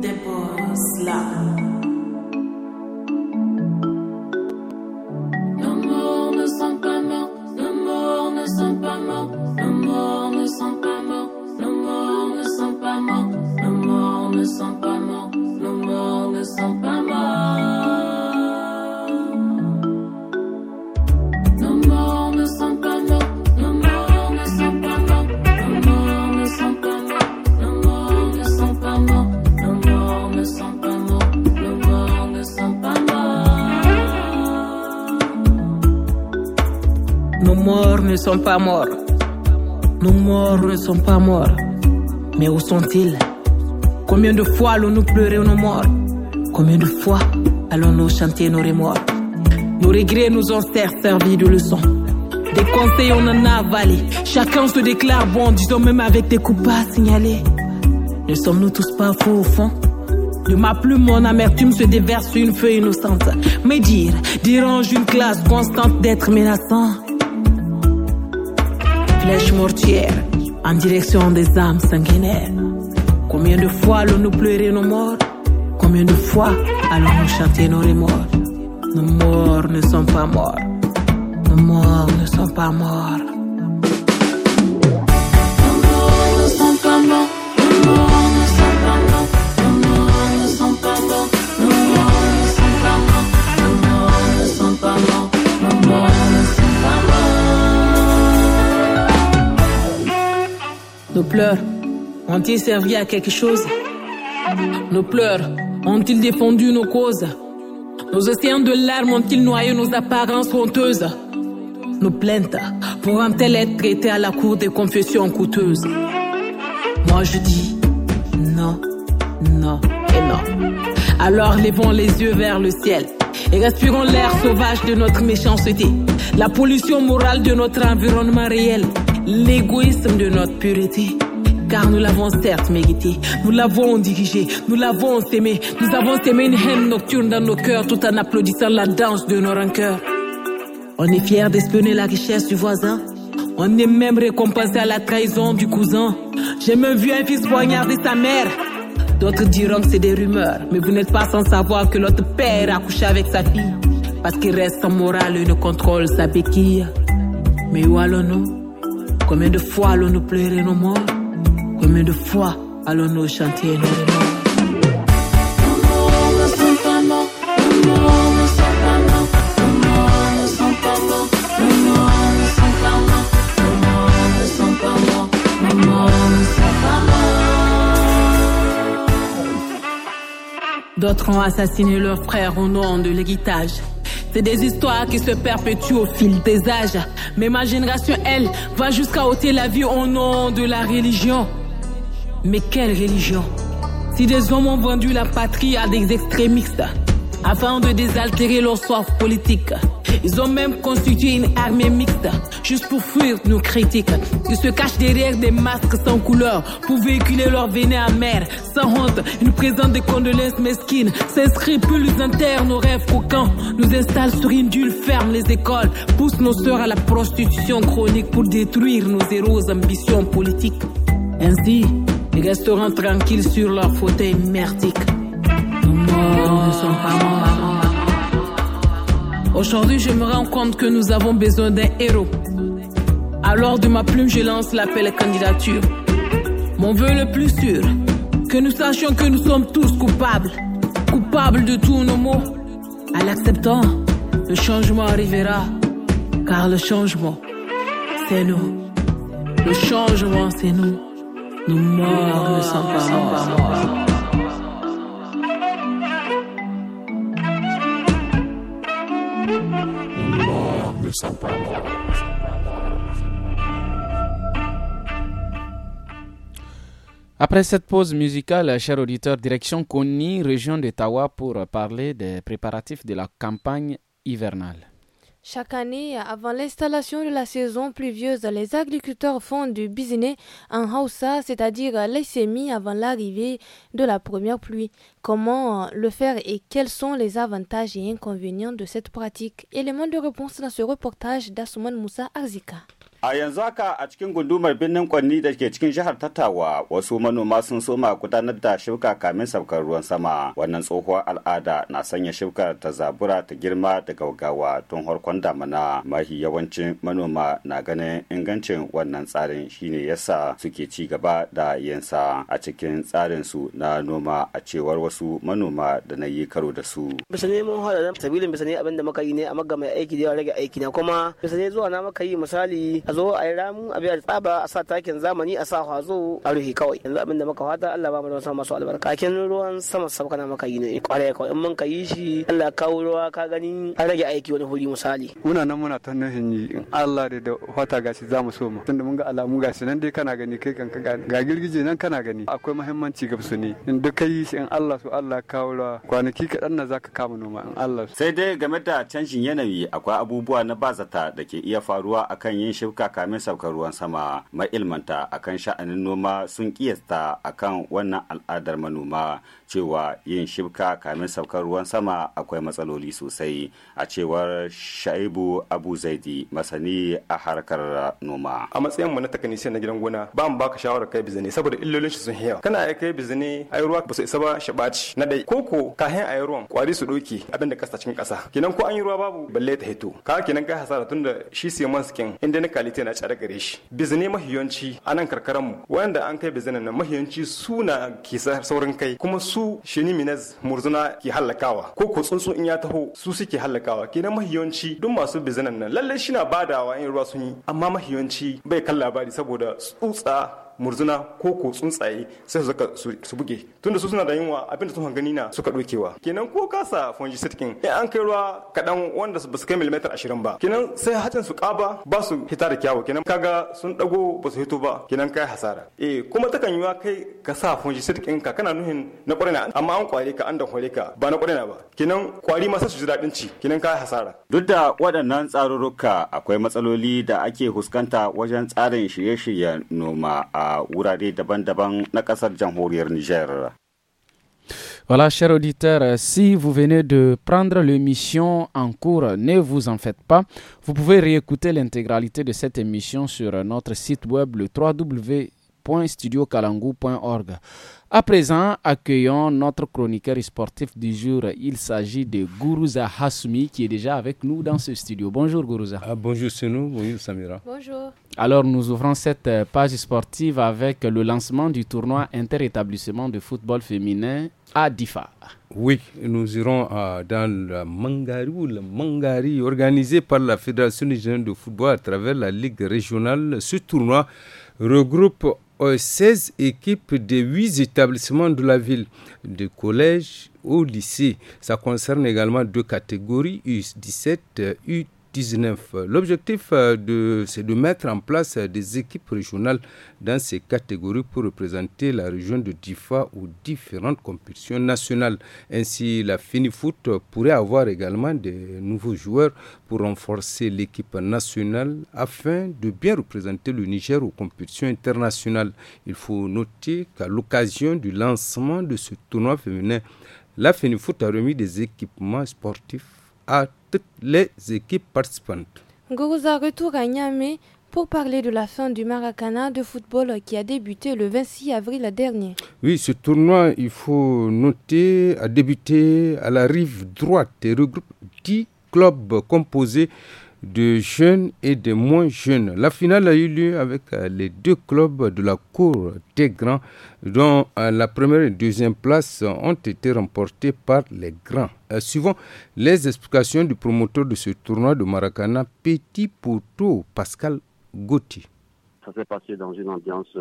ne sont pas ne sont pas morts. Nos morts ne sont pas morts. Mais où sont-ils Combien de fois allons-nous pleurer nos morts Combien de fois allons-nous chanter nos remords Nos regrets nous ont certes servi de leçon. Des conseils, on en a avalé. Chacun se déclare bon, disons même avec des coups pas signalés. Ne sommes-nous tous pas faux au fond de ma plume, mon amertume se déverse une feuille innocente. Mais dire dérange une classe constante d'être menaçant flèche mortière en direction des âmes sanguinaires. Combien de fois allons-nous pleurer nos morts Combien de fois allons-nous chanter nos remords Nos morts ne sont pas morts. Nos morts ne sont pas morts. Nos pleurs ont-ils servi à quelque chose Nos pleurs ont-ils défendu nos causes Nos océans de larmes ont-ils noyé nos apparences honteuses Nos plaintes pourront-elles être traitées à la cour des confessions coûteuses Moi je dis non, non et non. Alors levons les yeux vers le ciel et respirons l'air sauvage de notre méchanceté, la pollution morale de notre environnement réel, l'égoïsme de notre pureté. Car nous l'avons certes mérité, nous l'avons dirigé, nous l'avons aimé, nous avons aimé une haine nocturne dans nos cœurs tout en applaudissant la danse de nos rancœurs. On est fier d'espionner la richesse du voisin, on est même récompensé à la trahison du cousin. J'ai même vu un fils poignarder sa mère. D'autres diront que c'est des rumeurs, mais vous n'êtes pas sans savoir que l'autre père a couché avec sa fille. Parce qu'il reste sans morale et ne contrôle sa béquille. Mais où allons-nous Combien de fois allons-nous pleurer nos morts Combien de fois allons-nous chanter nom D'autres ont assassiné leurs frères au nom de l'héritage. C'est des histoires qui se perpétuent au fil des âges. Mais ma génération, elle, va jusqu'à ôter la vie au nom de la religion. Mais quelle religion Si des hommes ont vendu la patrie à des extrémistes afin de désaltérer leur soif politique, ils ont même constitué une armée mixte juste pour fuir nos critiques. Ils se cachent derrière des masques sans couleur pour véhiculer leur véné amère. sans honte. Ils nous présentent des condoléances mesquines, ces scrupules internes nos rêves coquins nous installent sur une dule ferme les écoles, poussent nos sœurs à la prostitution chronique pour détruire nos héros ambitions politiques. Ainsi, les resteront tranquilles sur leur fauteuil merdique. Nous ne pas morts. Aujourd'hui, je me rends compte que nous avons besoin d'un héros. Alors de ma plume, je lance l'appel à candidature. Mon vœu le plus sûr, que nous sachions que nous sommes tous coupables, coupables de tous nos maux. En l'acceptant, le changement arrivera, car le changement, c'est nous. Le changement, c'est nous. Après cette pause musicale, cher auditeur, direction Kony, région d'Ottawa, pour parler des préparatifs de la campagne hivernale. Chaque année, avant l'installation de la saison pluvieuse, les agriculteurs font du business en hausa, c'est-à-dire les semis avant l'arrivée de la première pluie. Comment euh, le faire et quels sont les avantages et inconvénients de cette pratique Élément de réponse dans ce reportage d'Asuman Moussa Arzika. A yanzu haka a cikin gundumar birnin Kwanni da ke cikin jihar Tattawa wasu manoma sun soma gudanar da shibka kamin saukar ruwan sama. Wannan tsohuwar al'ada na sanya shibkar ta zabura ta girma da gaugawa tun harkon damana. Mahi yawancin manoma na ganin ingancin wannan tsarin shine yasa suke ci gaba da yansa. a cikin tsarin su na noma a cewar wasu manoma da na yi karo da su. Bisa ne mun hada sabilin bisa ne abin da muka yi ne a maga aiki da yawa rage aiki na kuma bisa ne zuwa na muka yi misali a zo a yi ramu a biya tsaba a sa takin zamani a sa hazo a ruhi kawai yanzu abinda maka fata Allah ba mu da sama masu albarka kin ruwan sama sabka na maka yi ne kwarai kawai in mun ka yi shi Allah kawo ruwa ka gani an rage aiki wani huri misali muna nan muna ta nuhin yi in Allah da da fata gashi za mu so mu tunda mun ga alamu gashi nan dai kana gani kai kan ga girgije nan kana gani akwai muhimmanci ga su ne in duk kai shi in Allah su Allah kawo ruwa kwanaki kaɗan na zaka kama noma in Allah sai dai game da canjin yanayi akwai abubuwa na bazata da ke iya faruwa akan yin shi suka kamin saukar ruwan sama mailmanta akan sha'anin noma sun kiyasta akan wannan al'adar manoma cewa yin shibka kamin saukar ruwan sama akwai matsaloli sosai a cewar shaibu abu zaidi masani a harkar noma a matsayin mu na takanisiyan na gidan gona ba mu baka shawarar kai bizini saboda illolin shi sun hiya kana ya kai bizini ayi ruwa ba su isa ba shi na dai koko kahin ayi ruwan kwari su doki abinda da kasa cikin kasa kenan ko an yi ruwa babu balle ta hito ka kenan kai hasara tunda shi siman skin inda na kali municipality tana tsare gare shi bizne mahiyanci a nan karkaran mu wanda an kai bizinan nan mahiyanci suna na ke saurin kai kuma su shini murzuna ke hallakawa ko ko tsuntsu in ya taho su suke hallakawa kenan mahiyanci duk masu bizinan nan lalle shi na badawa in ruwa sun yi amma mahiyanci bai kan labari saboda tsutsa murzuna ko ko tsuntsaye sai su su buge tunda su suna da yunwa abinda sun gani na suka dokewa kenan ko kasa fungicide kin in an kai ruwa kadan wanda ba su kai milimetar ashirin ba kenan sai hatsin su kaba ba su hita da kyawu kenan kaga sun dago ba su hito ba kenan kai hasara eh kuma takan yiwa kai ka sa fungicide kin ka kana nuhin na na. amma an kware ka an da kware ka ba na na ba kenan kwari ma sai su ji dadin ci kenan kai hasara duk da waɗannan tsarurruka akwai matsaloli da ake huskanta wajen tsarin shirye-shiryen noma a Voilà, chers auditeurs, si vous venez de prendre l'émission en cours, ne vous en faites pas. Vous pouvez réécouter l'intégralité de cette émission sur notre site web le www.studiokalangu.org. À présent, accueillons notre chroniqueur sportif du jour. Il s'agit de Gourouza Hasumi qui est déjà avec nous dans ce studio. Bonjour Gourouza. Ah, bonjour, bonjour nous. bonjour Samira. Bonjour. Alors nous ouvrons cette euh, page sportive avec le lancement du tournoi interétablissement de football féminin à Difa. Oui, nous irons euh, dans le Mangari le Mangari organisé par la Fédération jeunes de football à travers la Ligue régionale. Ce tournoi regroupe 16 euh, équipes des 8 établissements de la ville, de collège au lycée. Ça concerne également deux catégories, U17, U18 L'objectif, euh, c'est de mettre en place euh, des équipes régionales dans ces catégories pour représenter la région de Difa aux différentes compétitions nationales. Ainsi, la Finifoot pourrait avoir également des nouveaux joueurs pour renforcer l'équipe nationale afin de bien représenter le Niger aux compétitions internationales. Il faut noter qu'à l'occasion du lancement de ce tournoi féminin, la Finifoot a remis des équipements sportifs à toutes les équipes participantes. Ngoruza retour à Niamey pour parler de la fin du Maracana de football qui a débuté le 26 avril dernier. Oui, ce tournoi, il faut noter, a débuté à la rive droite et regroupe 10 clubs composés de jeunes et de moins jeunes. La finale a eu lieu avec euh, les deux clubs de la Cour des Grands, dont euh, la première et deuxième place ont été remportées par les Grands. Euh, suivant les explications du promoteur de ce tournoi de Maracana, Petit Poteau, Pascal Gauthier ça s'est passé dans une ambiance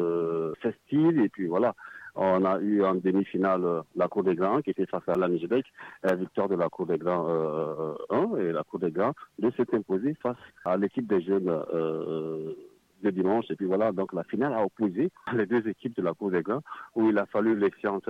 festive et puis voilà, on a eu en demi-finale euh, la Cour des Grands qui était face à la victoire de la Cour des Grands 1 euh, et la Cour des Grands de s'est imposée face à l'équipe des jeunes euh, de dimanche. Et puis voilà, donc la finale a opposé les deux équipes de la Cour des Grands, où il a fallu les séances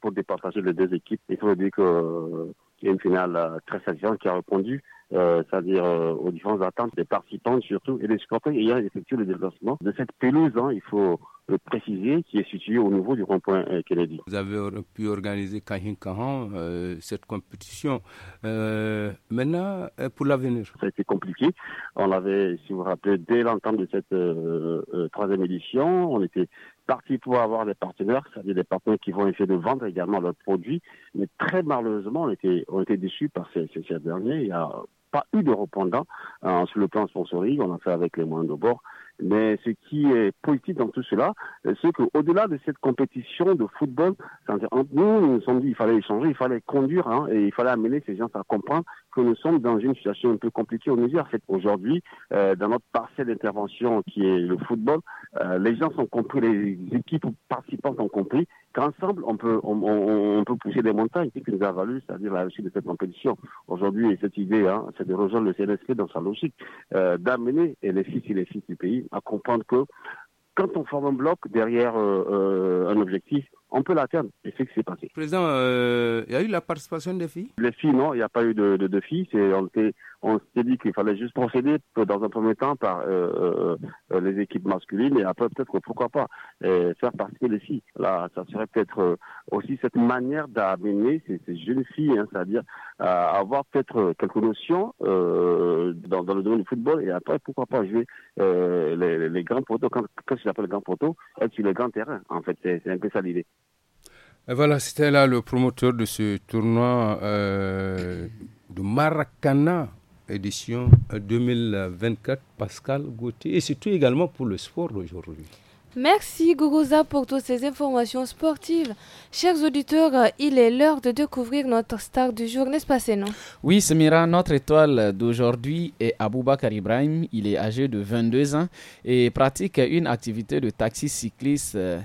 pour départager les deux équipes. Il faut dire que une finale euh, très satisfaisante, qui a répondu euh, c'est-à-dire euh, aux différentes attentes des participants surtout et des supporters ayant effectué le développement de cette pelouse, hein, il faut le préciser, qui est située au niveau du rond-point Kennedy. Vous avez pu organiser Kahin Kahan, cette compétition. maintenant, pour l'avenir Ça a été compliqué. On l'avait, si vous vous rappelez, dès l'entente de cette troisième édition, on était parti pour avoir des partenaires, c'est-à-dire des partenaires qui vont essayer de vendre également leurs produits. Mais très malheureusement, on était, on déçus par ces, derniers. Il n'y a pas eu de reprendant hein, sur le plan sponsoring. On a fait avec les moyens de bord. Mais ce qui est politique dans tout cela, euh, c'est qu'au-delà de cette compétition de football, nous, nous sommes dit qu'il fallait échanger, il fallait conduire hein, et il fallait amener ces gens à comprendre que nous sommes dans une situation un peu compliquée au Niger. aujourd'hui, euh, dans notre parcelle d'intervention qui est le football, euh, les gens sont compris, les équipes participantes ont compris qu'ensemble, on peut, on, peut pousser des montagnes. C'est ce qui nous a valu, c'est-à-dire la réussite de cette compétition. Aujourd'hui, cette idée, hein, c'est de rejoindre le CNSP dans sa logique, euh, d'amener les fils et les filles du pays à comprendre que quand on forme un bloc derrière euh, euh, un objectif, on peut la faire. C'est ce qui s'est passé. Président, il euh, y a eu la participation des filles Les filles, non, il n'y a pas eu de, de, filles. On s'est dit qu'il fallait juste procéder euh, dans un premier temps par euh, les équipes masculines et après peut-être pourquoi pas faire participer les filles. Là, ça serait peut-être aussi cette manière d'amener ces, jeunes filles, hein, c'est-à-dire avoir peut-être quelques notions dans, le domaine du football et après pourquoi pas jouer les, les, grands poteaux. Quand, que j'appelle les grands poteaux, être sur les grands terrains. En fait, c'est un peu ça l'idée voilà, c'était là le promoteur de ce tournoi euh, de Maracana, édition 2024, Pascal Gauthier, et c'est tout également pour le sport d'aujourd'hui. Merci Gourouza pour toutes ces informations sportives. Chers auditeurs, il est l'heure de découvrir notre star du jour, n'est-ce pas Oui Samira, notre étoile d'aujourd'hui est Aboubakar Ibrahim. Il est âgé de 22 ans et pratique une activité de taxi cycliste euh,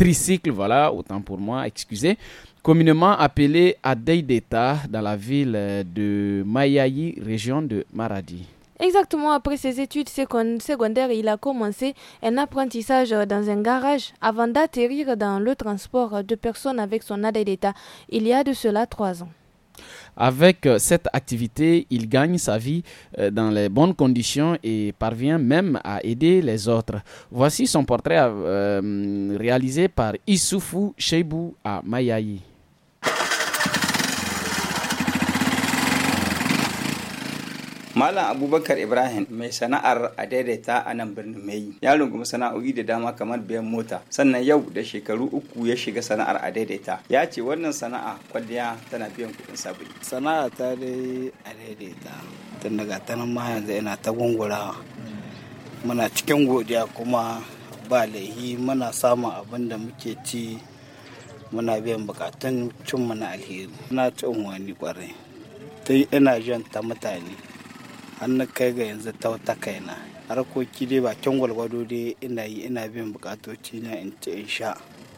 tricycle, voilà, autant pour moi, excusez, communément appelé Adei d'État dans la ville euh, de Mayayi, région de Maradi. Exactement, après ses études secondaires, il a commencé un apprentissage dans un garage avant d'atterrir dans le transport de personnes avec son aide d'État il y a de cela trois ans. Avec euh, cette activité, il gagne sa vie euh, dans les bonnes conditions et parvient même à aider les autres. Voici son portrait euh, réalisé par Issoufou Cheibou à Mayaï. Malam Abubakar Ibrahim mai sana'ar a daidaita a nan birnin Mai ya rungumi sana'o'i da dama kamar biyan mota sannan yau da shekaru uku ya shiga sana'ar a daidaita ya ce wannan sana'a kwalliya tana biyan kuɗin sabulu. Sana'a ta dai a daidaita tun daga ta nan ma yanzu ina ta gungurawa muna cikin godiya kuma ba laihi muna samun abin da muke ci muna biyan bukatun cin na alheri na cin wani kwarai ta ina jan ta mutane an na kai ga yanzu ta wata kaina harkoki dai bakin gwalgwado dai ina yi ina bin bukatoci na in ci in sha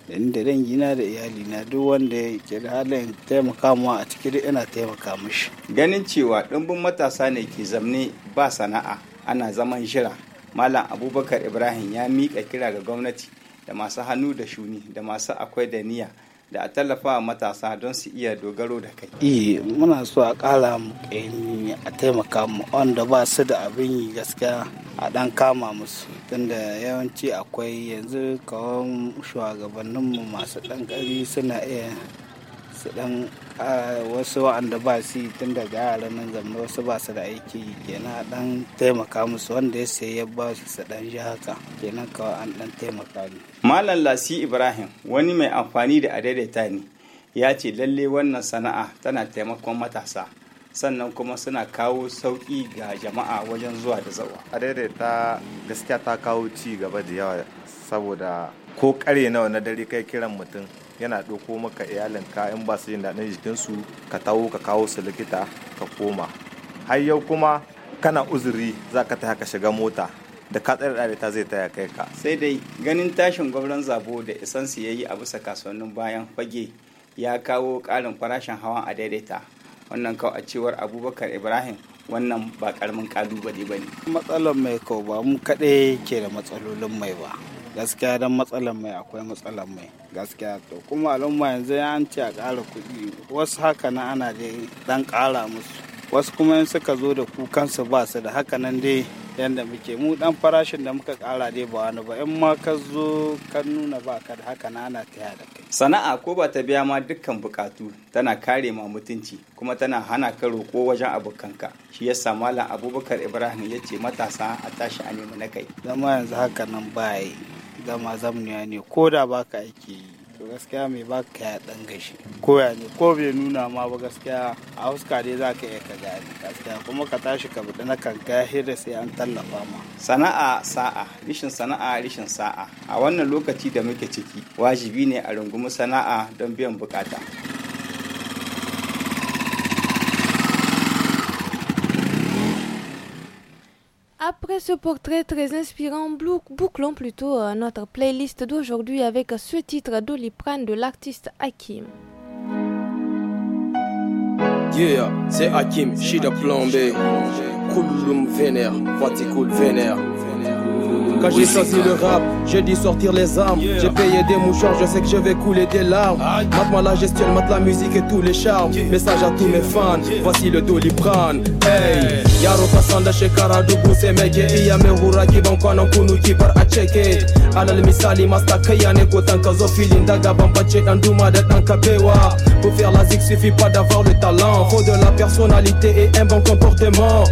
da ni da dangina da iyalina duk wanda ya ke da halin taimaka mu a ciki dai ina taimaka mishi ganin cewa ɗumbin matasa ne ke zamne ba sana'a ana zaman shira malam abubakar ibrahim ya miƙa kira ga gwamnati da masu hannu da shuni da masu akwai da niyya da a tallafa matasa don su iya dogaro da kai. Eh muna so a ƙara mu a taimaka mu wanda ba su da abin yi gaskiya a dan kama musu tunda yawanci akwai yanzu kawon shugabanninmu masu ɗan suna iya su dan wasu wa'anda ba su tun daga yaran nan zamna wasu ba su da aiki kenan dan taimaka musu wanda ya sai ya ba su su dan ji haka kenan kawai an dan taimaka ne. Malam Lasi Ibrahim wani mai amfani da adaidaita ne ya ce lalle wannan sana'a tana taimakon matasa sannan kuma suna kawo sauki ga jama'a wajen zuwa da zawa. Adaidaita gaskiya ta kawo ci gaba da yawa saboda ko kare nawa na dare kai kiran mutum yana ɗauko maka iyalin in ba su jin daɗin jikin su ka tawo ka kawo su likita ka koma har yau kuma kana uzuri za ka taya ka shiga mota da ka tsare ta zai taya kai ka sai dai ganin tashin gwamnan zabo da isan su yayi a bisa kasuwannin bayan fage ya kawo ƙarin farashin hawan a daidaita wannan kawai a cewar abubakar ibrahim wannan ba karamin kalubale ba ne matsalar mai kau ba mu kaɗai ke da matsalolin mai ba gaskiya dan matsalar mai akwai matsalar mai gaskiya to kuma al'umma yanzu an ce a ƙara kuɗi wasu haka na ana dai dan ƙara musu wasu kuma in suka zo da kukansu ba su da haka nan dai yadda muke mu dan farashin da muka kara dai ba wani ba in ma ka zo ka nuna ba ka da haka na ana taya da kai sana'a ko ba ta biya ma dukkan bukatu tana kare ma mutunci kuma tana hana ka roƙo wajen abokanka shi yasa malam abubakar ibrahim ya ce matasa a tashi a nemi na kai zama yanzu haka nan ba yi dama zamniya ne ko da baka ake yi to gaskiya mai baka ya dan gashi koya ne ko bai nuna ma ba gaskiya a huska dai za ka iya ka gani gaskiya kuma ka tashi ka buɗe na kanka hira sai an tallafa ma sana'a sa'a rishin sana'a rishin sa'a a wannan lokaci da muke ciki wajibi ne a rungumi sana'a don biyan bukata ce portrait très inspirant, bouclons plutôt euh, notre playlist d'aujourd'hui avec ce titre d'Oliprane de l'artiste Hakim. c'est quand j'ai choisi le rap, j'ai dit sortir les armes. J'ai payé des mouchoirs, je sais que je vais couler des larmes. Maintenant moi la gestion, mate la musique et tous les charmes. Message à tous mes fans, voici le doliprane. Hey, yaro Da shekara dubu semeke iya mehura kiban kwanan kunu kibar Alal misali masta kaya ne gotan kazo filin daga bambace da Pour faire la zig suffit pas d'avoir le talent, faut de la personnalité et un bon comportement.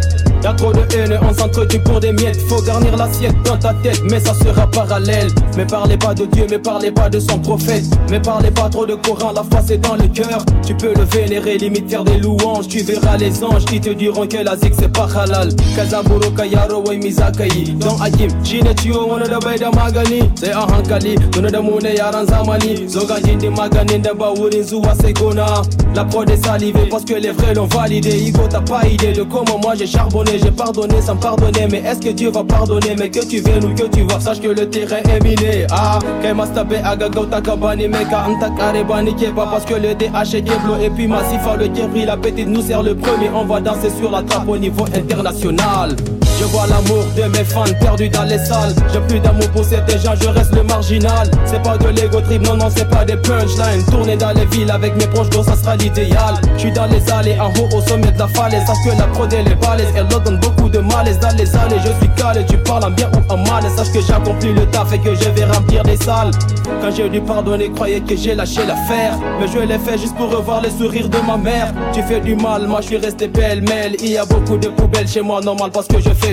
Y'a trop de haine, on s'entretue pour des miettes. Faut garnir l'assiette dans ta tête, mais ça sera parallèle. Mais parlez pas de Dieu, mais parlez pas de son prophète. Mais parlez pas trop de Coran, la foi c'est dans le cœur. Tu peux le vénérer, limite faire des louanges. Tu verras les anges qui te diront que la zik c'est pas halal. Kazaburo Kayaro way Don on est de Magani. C'est un Hankali, on Mune Yaranzamani. de Magani, de La prod est salivée parce que les vrais l'ont validé. Igo t'as pas idée de comment moi j'ai charbonné j'ai pardonné sans pardonner. Mais est-ce que Dieu va pardonner? Mais que tu viennes ou que tu vas, sache que le terrain est miné. Ah, Kemastabe, Agagota Kabani, Meka, Antakarebani, pas Parce que le DH est Keblo et puis massif à le Kebri, la petite nous sert le premier. On va danser sur la trappe au niveau international. Je vois l'amour de mes fans perdu dans les salles J'ai plus d'amour pour ces gens, je reste le marginal C'est pas de l'ego trip, non non c'est pas des punchlines Tourner dans les villes avec mes proches, donc ça sera l'idéal Je suis dans les allées, en haut au sommet de la falaise Sache que la prod les les balaises, elle donne beaucoup de malaise Dans les allées, je suis calé, tu parles en bien ou en mal Sache que j'accomplis le taf et que je vais remplir les salles Quand j'ai dû pardonner, croyais que j'ai lâché l'affaire Mais je l'ai fait juste pour revoir les sourires de ma mère Tu fais du mal, moi je suis resté pêle-mêle Il y a beaucoup de poubelles chez moi, normal parce que je fais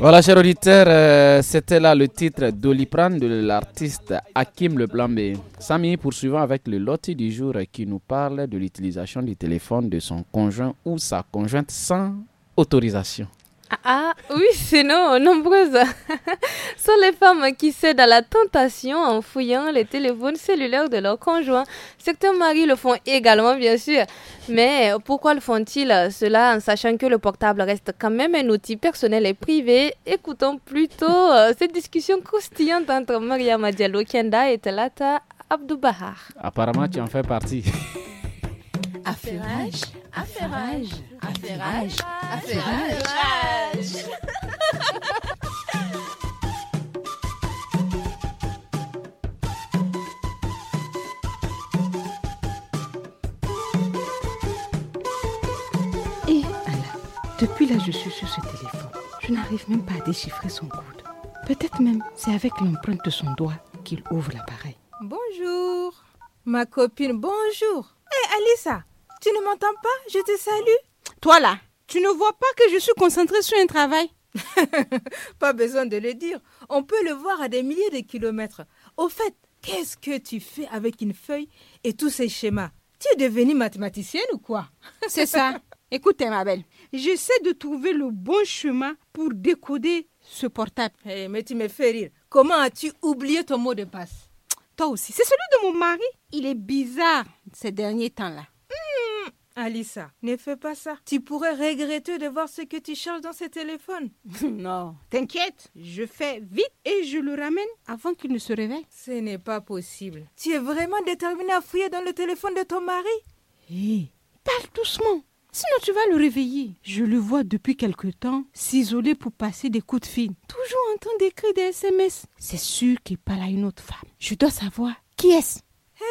voilà, chers auditeurs, euh, c'était là le titre d'Oliprane de l'artiste Hakim Le Samy, poursuivant avec le loti du jour qui nous parle de l'utilisation du téléphone de son conjoint ou sa conjointe sans autorisation. Ah, ah oui, sinon, euh, nombreuses *laughs* sont les femmes qui cèdent à la tentation en fouillant les téléphones cellulaires de leurs conjoints. Certains maris le font également, bien sûr. Mais pourquoi le font-ils euh, Cela en sachant que le portable reste quand même un outil personnel et privé. Écoutons plutôt euh, cette discussion croustillante entre Maria Diallo Kenda et Talata Abdou Apparemment, tu en fais partie. *laughs* affaire, affairage, affairage, affairage. Et Alain, depuis là, je suis sur ce téléphone. Je n'arrive même pas à déchiffrer son coude. Peut-être même c'est avec l'empreinte de son doigt qu'il ouvre l'appareil. Bonjour, ma copine, bonjour. Hé, eh, hey, Alissa, tu ne m'entends pas Je te salue. Toi là, tu ne vois pas que je suis concentrée sur un travail *laughs* Pas besoin de le dire. On peut le voir à des milliers de kilomètres. Au fait, qu'est-ce que tu fais avec une feuille et tous ces schémas Tu es devenue mathématicienne ou quoi *laughs* C'est ça. Écoute, ma belle, j'essaie de trouver le bon chemin pour décoder ce portable. Eh, mais tu me fais rire. Comment as-tu oublié ton mot de passe Toi aussi. C'est celui de mon mari. Il est bizarre ces derniers temps-là. Alissa, ne fais pas ça. Tu pourrais regretter de voir ce que tu cherches dans ce téléphone. *laughs* non, t'inquiète, je fais vite et je le ramène avant qu'il ne se réveille. Ce n'est pas possible. Tu es vraiment déterminée à fouiller dans le téléphone de ton mari Hé, parle doucement. Sinon tu vas le réveiller. Je le vois depuis quelque temps s'isoler pour passer des coups de fil. Toujours entendre des cris des SMS. C'est sûr qu'il parle à une autre femme. Je dois savoir qui est-ce.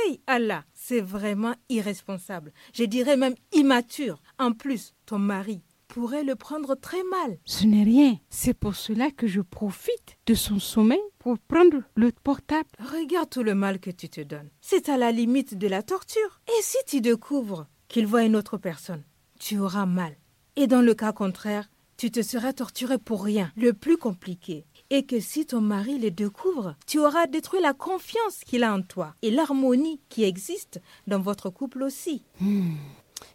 Hey, Allah, c'est vraiment irresponsable. Je dirais même immature. En plus, ton mari pourrait le prendre très mal. Ce n'est rien. C'est pour cela que je profite de son sommeil pour prendre le portable. Regarde tout le mal que tu te donnes. C'est à la limite de la torture. Et si tu découvres qu'il voit une autre personne, tu auras mal. Et dans le cas contraire, tu te seras torturé pour rien. Le plus compliqué, et que si ton mari les découvre, tu auras détruit la confiance qu'il a en toi et l'harmonie qui existe dans votre couple aussi. Hmm.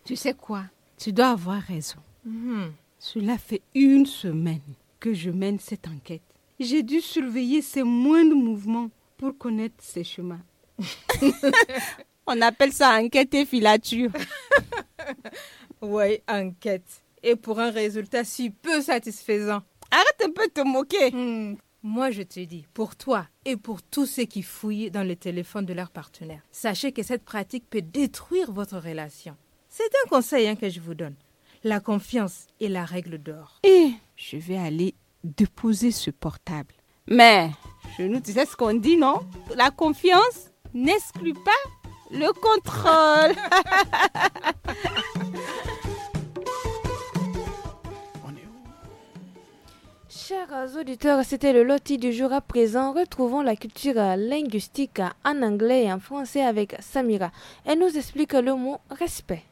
Tu sais quoi Tu dois avoir raison. Hmm. Cela fait une semaine que je mène cette enquête. J'ai dû surveiller ses moindres mouvements pour connaître ses chemins. *laughs* On appelle ça enquête et filature. *laughs* oui, enquête. Et pour un résultat si peu satisfaisant. Arrête un peu de te moquer. Hmm. Moi, je te dis, pour toi et pour tous ceux qui fouillent dans le téléphone de leur partenaire, sachez que cette pratique peut détruire votre relation. C'est un conseil hein, que je vous donne. La confiance est la règle d'or. Et je vais aller déposer ce portable. Mais, je nous disais ce qu'on dit, non La confiance n'exclut pas le contrôle. *laughs* Chers auditeurs, c'était le loti du jour à présent. Retrouvons la culture linguistique en anglais et en français avec Samira. Elle nous explique le mot respect.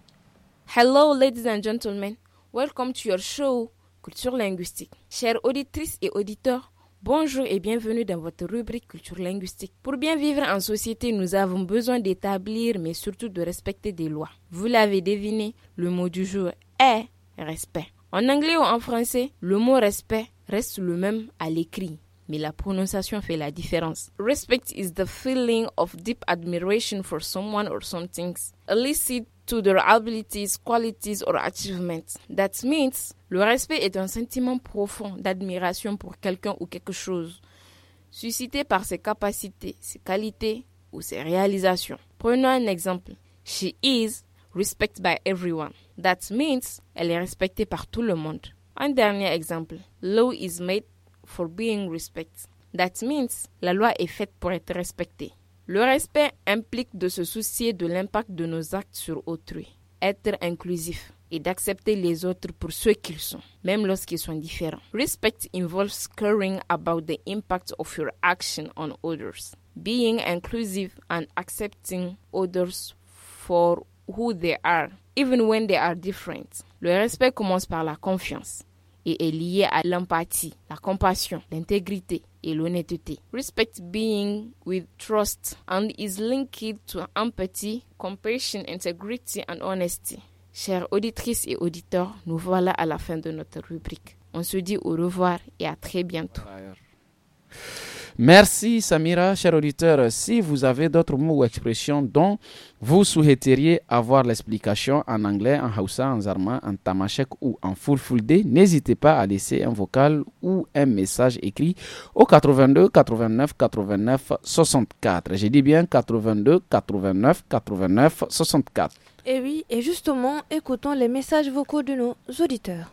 Hello, ladies and gentlemen. Welcome to your show Culture linguistique. Chères auditrices et auditeurs, bonjour et bienvenue dans votre rubrique Culture linguistique. Pour bien vivre en société, nous avons besoin d'établir, mais surtout de respecter des lois. Vous l'avez deviné, le mot du jour est respect. En anglais ou en français, le mot respect reste le même à l'écrit, mais la prononciation fait la différence. Respect is the feeling of deep admiration for someone or something, elicited to their abilities, qualities or achievements. That means le respect est un sentiment profond d'admiration pour quelqu'un ou quelque chose, suscité par ses capacités, ses qualités ou ses réalisations. Prenons un exemple. She is respected by everyone. That means elle est respectée par tout le monde. Un dernier exemple. Law is made for being respected. That means la loi est faite pour être respectée. Le respect implique de se soucier de l'impact de nos actes sur autrui, être inclusif et d'accepter les autres pour ce qu'ils sont, même lorsqu'ils sont différents. Respect involves caring about the impact of your action on others, being inclusive and accepting others for who they are even when they are different. Le respect commence par la confiance et est lié à l'empathie, la compassion, l'intégrité et l'honnêteté. Respect being with trust and is linked to empathy, compassion, integrity and honesty. Chères auditrices et auditeurs, nous voilà à la fin de notre rubrique. On se dit au revoir et à très bientôt. Merci Samira, cher auditeur. Si vous avez d'autres mots ou expressions dont vous souhaiteriez avoir l'explication en anglais, en Hausa, en Zarma, en Tamashek ou en Fulfulde, n'hésitez pas à laisser un vocal ou un message écrit au 82 89 89 64. J'ai dit bien 82 89 89 64. Et oui, et justement, écoutons les messages vocaux de nos auditeurs.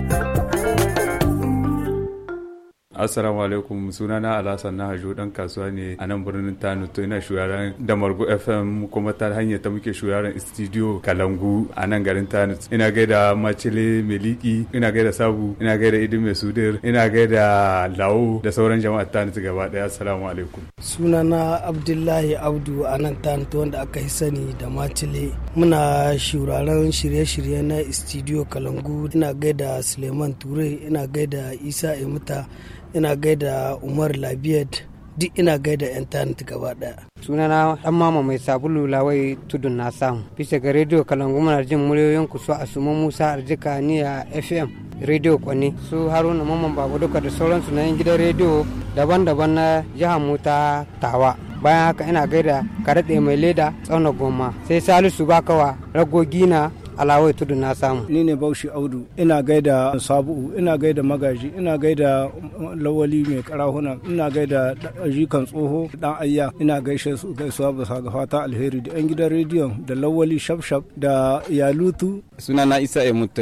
assalamu alaikum sunana alhassan na hajo dan kasuwa ne a nan birnin tano to ina shuraren da margo fm kuma ta hanyar ta muke shuraren studio kalangu a nan garin tano ina gaida macile meliki ina gaida sabu ina gaida idin mai sudir ina gaida lawo da sauran jama'ar tano gaba daya assalamu alaikum sunana abdullahi abdu a nan tano wanda aka yi sani da macile muna shuraren shirye-shirye na studio kalangu ina gaida suleiman ture ina gaida isa emuta ina gaida umar labiyad duk ina gaida intanet gaba daya sunana dan mama mai sabulu lawai tudun na samu bisa ga rediyo kalangu muna jin muryoyin ku su asuma musa arjika niya fm rediyo kwani su haruna mamman babu duka da sauransu na yin gidan rediyo daban-daban na jihar mu tawa bayan haka ina gaida karaɗe mai leda tsaunar goma sai salisu bakawa ragogina alawai tudu na samu ni ne baushi audu ina gaida sabu'u ina gaida magaji ina gaida lawali mai karahuna ina gaida jikan tsoho dan ayya ina gaishe su gaisuwa fata alheri da yan gidan rediyon da lawali shafshaf da yalutu suna na isa ya mutu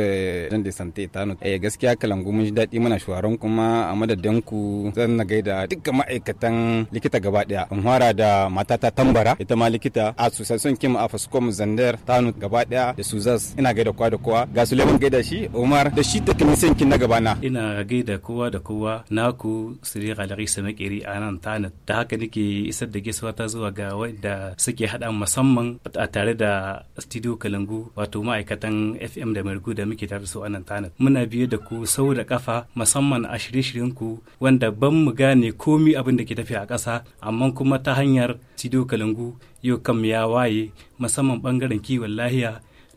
dan eh, da sante tano eh gaskiya kalangu mun ji daɗi mana shuwaron kuma a madadin ku zan na gaida dukkan ma'aikatan likita gaba daya in fara da matata tambara ita ma likita a son kim a fasko mu zandar tano gaba daya da su Jos ina gaida kowa da kowa ga Suleiman gaida shi Umar da shi technician kin na gabana ina gaida kowa da kowa naku Siri Galari Samakiri a nan nan da haka nake isar da gaisuwa ta zuwa ga wanda suke hada musamman a tare da Studio Kalangu wato ma'aikatan FM da Mergu da muke tare da su a nan nan muna biye da ku sau da kafa musamman a shirye-shiryen ku wanda ban mu gane komi abin da ke tafiya a ƙasa amma kuma ta hanyar Studio Kalangu yau kam ya waye musamman bangaren kiwon lahiya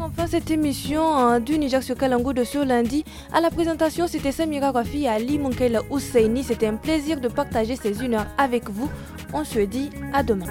Enfin, cette émission hein, du Niger sur Kalango de ce lundi. À la présentation, c'était Samira Rafi et Ali Monkela Husseini. C'était un plaisir de partager ces une heure avec vous. On se dit à demain.